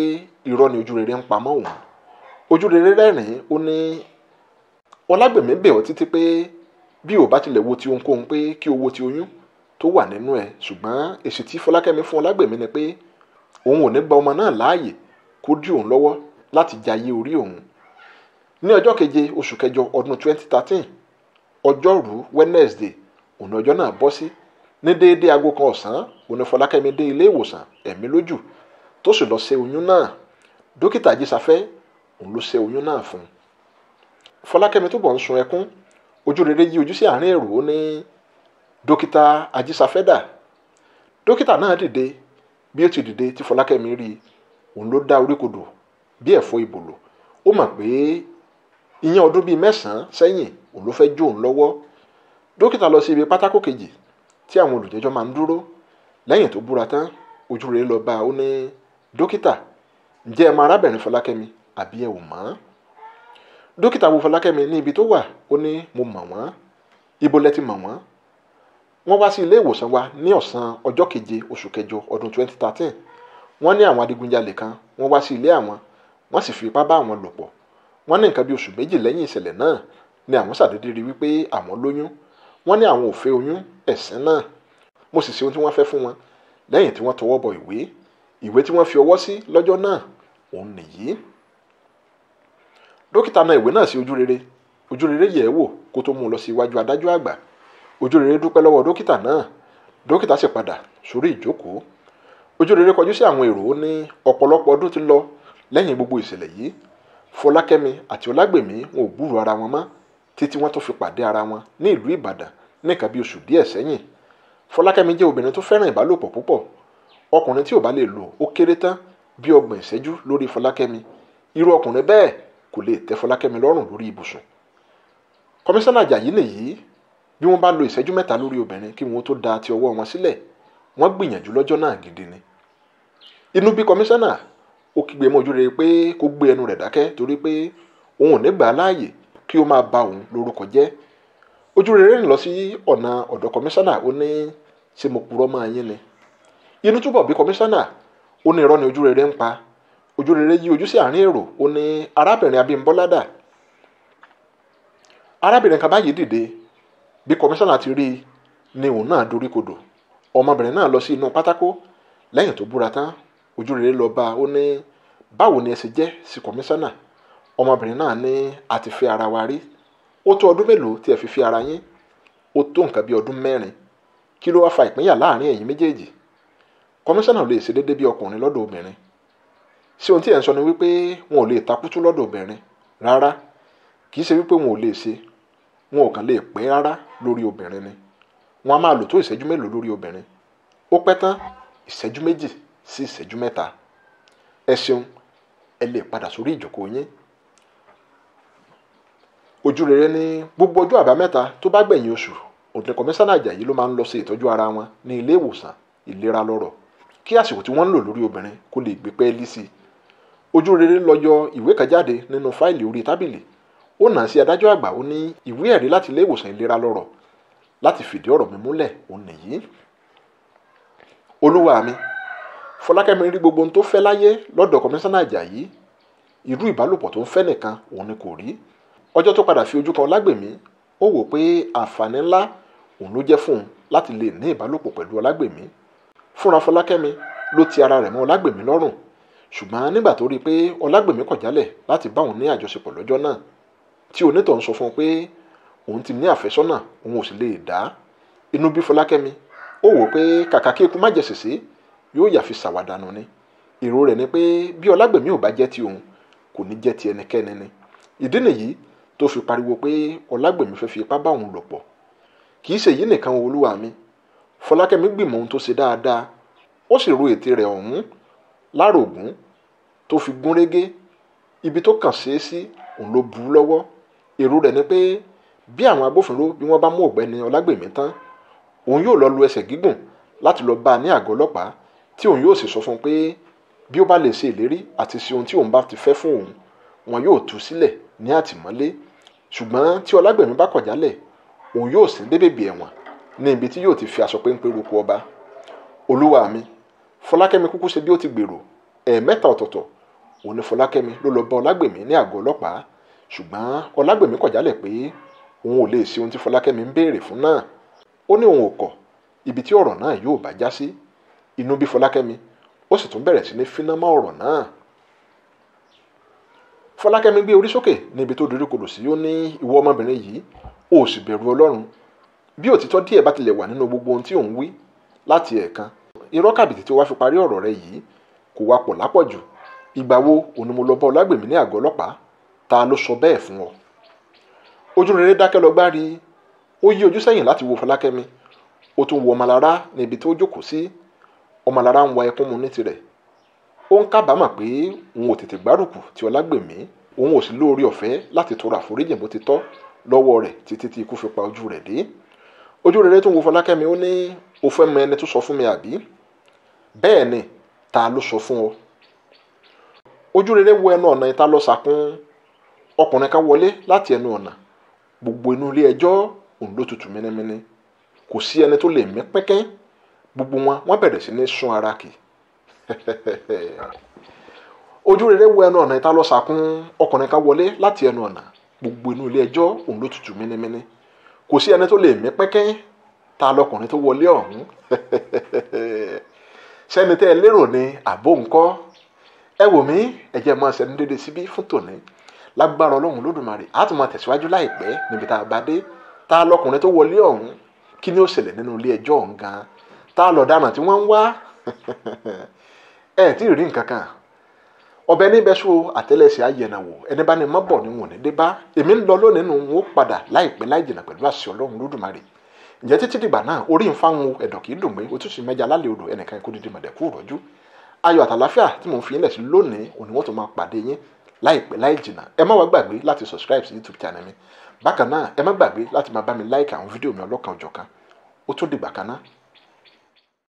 irọ́ ni ojú rere ń pamọ́ òun ojú rere rẹ́rìn-ín ó ní ọlágbèmí bẹ̀ ọ́ títí pé bí ò bá tilẹ̀ wo ti ohunkóhun pé kí o wo ti oyún tó wà nínú ẹ̀ ṣùgbọ́n èsì tí fọlákẹ́mi fún ọlágbèmí ni pé òun ò ní gba ọmọ náà láàyè kó dí òun lọ́wọ́ láti jayé orí òun ní ọjọ́ keje oṣù kẹjọ ọdún 2013 ọjọ́rú Wednesday òun ọjọ́ náà bọ́ sí ní déédéé aago kan ọ̀sán òun Fọlákẹ́mi dé ilé ìwòsàn ẹ̀mí lójú tó sì lọ ṣe oyún náà dókítà Jísafẹ́ òun ló ṣe oyún náà fún un. Fọlákẹ́mi túbọ̀ ń sun ẹkún ojú rere yí ojú sí àárín èrò ó ní dókítà Ajísafẹ́ dà dókítà náà dìde bí ó ti dìde tí Fọlákẹ́mi rí i òun ló dá oríkodò bí ẹ̀fọ́ ìbòlò ó mọ̀ pé ìyẹn ọdún bíi mẹ́sàn-án sẹ́yìn òun ló fẹ́ jó òun lọ́wọ́ dókítà lọ sí ibi pátákó kejì tí àwọn olùjẹ́jọ́ máa ń dúró lẹ́yìn tó búra tán ojú rẹ̀ lọ bá a ó ní dókítà ǹjẹ́ ẹ mọ arábìnrin fọlákẹ́mi àbí ẹ ò mọ̀ dókítà wo fọlákẹ́mi ní ibi tó wà ó ní mo mọ̀ wọ́n ibo lẹ ti mọ̀ wọ́n wọ́n wá sí ilé ìwòsàn wa ní ọ̀sán ọjọ́ keje oṣù kẹjọ ọdún 2013 wọ́n ní àwọn adigunjalè kan wọ́n wá sí ilé àwọn wọ́n sì fi ipá bá àwọn lò pọ̀ wọ́n ní nǹkan bí oṣù méjì lẹ́yìn ìṣẹ̀lẹ̀ náà ni àwọn ṣàdédé rí wípé àwọn lóyún wọ́n ní àwọn ò fẹ́ oyún ẹ̀sìn náà mo sì ṣe ohun tí wọ́n fẹ́ fún wọn lẹ́yìn tí wọ́n tọwọ́ bọ ìwé ìwé tí wọ́n fi ọwọ́ sí lọ́jọ́ náà òun nìyí dókítà náà ìwé náà sí ojú rere ojú rere yẹ̀ ẹ́ wò kó tó mú un lọ sí iwájú adájọ́ àgbà ojú dúpẹ́ lọ́wọ́ dókítà náà dókítà sì padà sórí ìjókòó ojú kọjú sí àwọn èrò ní ọ̀pọ̀lọpọ̀ ọdún ti lọ lẹ́yìn gbogbo ìṣẹ̀lẹ̀ yìí fọlákẹ́mi àti ọlágbèmí wọn ò gbúrò ara wọn mọ́ títí wọ́n tún fi pàdé ara wọn ní ìlú ìbàdàn ní nǹkan bí oṣù díẹ̀ sẹ́yìn fọlákẹ́mi jẹ́ obìnrin tó fẹ́ràn ìbálòpọ̀ púpọ̀ ọkùnrin tí ò bá lè lò ó kéré tán bí ọgbọ̀n ìṣẹ́jú lórí fọlákẹ́mi irú ọkùnrin bẹ́ẹ̀ kò lè tẹ́ fọlákẹ́mi lọ́rùn lórí ibùsùn kọmíṣánná àjàyí nìyí bí wọ́n bá lo ìṣẹ́jú mẹ́ta lórí obìnrin kí wọ́n tó da ti ọwọ́ wọn sílẹ̀ wọ́n gbìyànjú lọ́jọ́ náà gidi ni inú bí kọmíṣánná ó kígbe mọ́jú rẹ̀ pé kó gbé ẹnu rẹ̀ dákẹ́ torí pé òun ò ní gbà á láàyè kí ó máa ba òun lórúkọ jẹ́ ojú rere ń lọ sí ọ̀nà ọ̀dọ̀ kọmíṣánná ó ní ṣe mo purọ́ máa yín ni inú túbọ̀ bí kọmíṣánná ó ní irọ́ ni ojú rere ń pa ojú rere yí ojú sí àárín èrò ó ní arábìnrin Abímbọ́lá arábìnrin kan báyìí dìde bí kọmíṣánná ti rí i ni òun náà ọmọbìnrin náà ní a ti fi ara wa rí ó tó ọdún mélòó tí ẹ fi fi ara yín ó tó nǹkan bí ọdún mẹ́rin kí ló wá fa ìpínyà láàrin ẹ̀yin méjèèjì kọmíṣánná lè ṣe déédéé bí ọkùnrin lọ́dọ̀ obìnrin ṣé ohun tí ẹ̀ ń sọ ni wípé wọn ò lè takútú lọ́dọ̀ obìnrin rárá kì í ṣe wípé wọn ò lè ṣe wọn ò kàn lè pẹ́ rárá lórí obìnrin ni wọn a máa lò tó ìṣẹ́jú mélòó lórí obìnrin ó pẹ́ tán ìṣẹ́jú méjì sí ìṣẹ́jú mẹ́ta ẹ ṣeun ẹ lè padà sórí ìjókòó yín ojú rere ni gbogbo ọjọ́ àbámẹ́ta tó bá gbẹ̀yìn oṣù òtún kọmíṣánná Àjàyí ló máa ń lọ ṣe ìtọ́jú ara wọn ní ilé ìwòsàn ìlera lọ́rọ̀ kí àsìkò tí wọ́n ń lò lórí obìnrin kó lè gbé pẹ́ẹ́lí sí i ojú rere lọ yọ ìwé kan jáde nínú fáìlì orí tábìlì ó nà sí adájọ́ àgbà ó ní ìwé ẹ̀rí láti ilé ìwòsàn ìlera lọ́rọ̀ láti fìdí ọ̀rọ̀ mi múlẹ̀ òun nìyí olúwa mi fọlákẹ́mi rí gbogbo ohun tó fẹ́ láyé lọ́dọ̀ kọmíṣánná Àjàyí irú ìbálòpọ̀ tó ń fẹ́ nìkan òun ni kò rí ọjọ́ tó padà fi ojú kan ọlágbèmí ó wò pé àǹfààní ńlá òun ló jẹ́ fún un láti lè ní ìbálòpọ̀ pẹ̀lú ọlágbèmí fúnra fọlákẹ́mi ló ti ara rẹ̀ mọ́ ọlágbèmí lọ́rùn ṣùgbọ́n nígbà tó rí i pé ọlágbèmí kọ̀ jálẹ̀ láti bá òun ní àjọṣepọ̀ lọ́jọ́ náà tí onítọ̀ ń sọ fún un pé òun ti ní àfẹ́sọ́nà òun ò sì lè dá inú bí fọlákẹ́mi ó wò pé kàkà kí ikú má jẹ sèse yóò yàfi ṣàwàdànù ni èrò rẹ̀ ni pé bí ọlágbèmí ò bá jẹ́ ti òun kò ní jẹ́ ti ẹnikẹ́ni ni ìdí nìyí tó fi pariwo pé ọlágbẹ̀mí fẹ́ fi ipá bá òun lò pọ̀ kì í ṣèyí nìkan olúwa mi fọlákẹ́mi gbìmọ̀ ohun tó ṣe dáadáa ó sì ro ète rẹ̀ ọ̀hún lárògùn tó fi gún régé ibi tó kàn ṣeé sí òun ló bu lọ́wọ́ èrò rẹ̀ ni pé bí àwọn agbófinró bí wọ́n bá mú ọ̀gbẹ́ni ọlágbẹ̀mí tán òun yóò lọ lu ẹsẹ̀ gígùn láti lọ bá a ní àgọ́ ọlọ́pàá tí òun yóò sì sọ fún un pé bí ó bá lè ṣe ìlérí àti ṣe ohun tí òun bá ti fẹ́ fún òun wọn yóò tú sílẹ̀ ní àtìmọ́lé ṣùgbọ́n tí ọlágbẹ̀mí bá kọ̀ jálẹ̀ òun yóò sì débèbè ẹ̀wọ̀n ní ibi tí yóò ti fi aṣọ péńpé roko ọba olúwa mi fọlákẹ́mi kúkú ṣe bí ó ti gbèrò ẹ̀ẹ̀mẹ́ta ọ̀tọ̀ọ̀tọ̀ òun ni fọlákẹ́mi ló lọ bá ọlágbẹ̀mí ní àgọ́ ọlọ́pàá ṣùgbọ́n ọlágbẹ̀mí kọ̀ jálẹ̀ pé òun ò lè ṣe ohun tí fọlákẹ́mi ń béèrè fún náà ó ní òun ò kọ̀ ibi tí ọ̀rọ̀ náà yóò bá já sí inú bí fọlákẹ́mi ó sì tún bẹ̀rẹ̀ sí ní fínámọ́ ọ̀rọ̀ náà fọlákẹ́mi gbé orí sókè níbi tó dorí kodò sí ó ní ìwọ ọmọbìnrin yìí ó sì bẹ̀rù ọlọ́run bí òtítọ́ díẹ̀ bá tilẹ̀ wà nínú gbogbo ohun tí òun wí láti ẹ̀ẹ̀kan irọ́ kàbìtì tí wàá fi parí ọ̀rọ̀ rẹ yìí kò wá pọ̀ lápọ̀jù ìgbà wo òní mo lọ bá ọlágbèmí ní àgọ́ ọlọ́pàá ta ló sọ bẹ́ẹ̀ fún ọ. ojúrere dákẹ́ lọ gbá rí ó yí ojú sẹ́yìn láti wo fọlákẹ́mi ó tún wo ọmọlára níbi tó jókòó sí ọmọlára ń wa ẹkún mu ní tirẹ̀ ó ń kábàámọ̀ pé òun ò tètè gbárùkù ti ọlágbèmí òun ò sì lóore ọ̀fẹ́ láti tọrọ àforíjì bó ti tọ́ lọ́wọ́ rẹ̀ títí tí ikú fi pa ojú rẹ̀ dé ojú rere tó ń wo fọlákẹ́mi ó ní o fẹ́ mọ ẹni tó sọ fún mi àbí bẹ́ẹ̀ ni ta ló sọ fún ọ ojú rere wo ẹnu ọ̀nà ìta lọ sàkún ọkùnrin kan wọlé láti ẹnu ọ̀nà gbogbo inú ilé ẹjọ́ òun ló tutù mínímíní kò sí ẹni tó lè mí pínkín gbogbo wọn wọ́n bẹ̀rẹ̀ sí ní sún ara kì [laughs] ojú rere wo ẹnu ọ̀nà ìta lọ sàkún ọkùnrin ká wọlé láti ẹnu ọ̀nà gbogbo inú ilé ẹjọ́ òun ló tutù mínímíní kò sí ẹni tó lè mí pẹ́kẹ́ ta lọkùnrin tó wọlé ọ̀hún [laughs] sẹ́ni tẹ́ ẹ lérò ni ẹ wò mí ẹ dédé síbí fún tòní lágbára ọlọ́run lódùmarè máa tẹ̀síwájú láìpẹ́ níbi tá ta lọkùnrin tó wọlé ọ̀hún kí ni ó ṣẹlẹ̀ nínú [laughs] ee tí ì rí nǹkan kan ọbẹ̀ níbẹ̀ so àtẹ́lẹsẹ̀ wo ẹni bá ní mọ́ bọ̀ níwọ̀n ní débá èmi ń lọ lónìí nù ń padà láìpẹ́ láì jìnà pẹ̀lú àṣẹ ọlọ́run lódùmarè ǹjẹ́ títí dìgbà náà orí ń fáwọn ẹ̀dọ̀ kì í dùn mí otúnṣe mẹ́ja lálẹ́ odò ẹnìkan ikú dídí mọ̀dẹ̀kú rọ́jú ayọ̀ àtàláfíà tí mò ń fi ilẹ̀ si lónìí òní wọ́n tó youtube channel mi bákan náà má mi like àwọn fídíò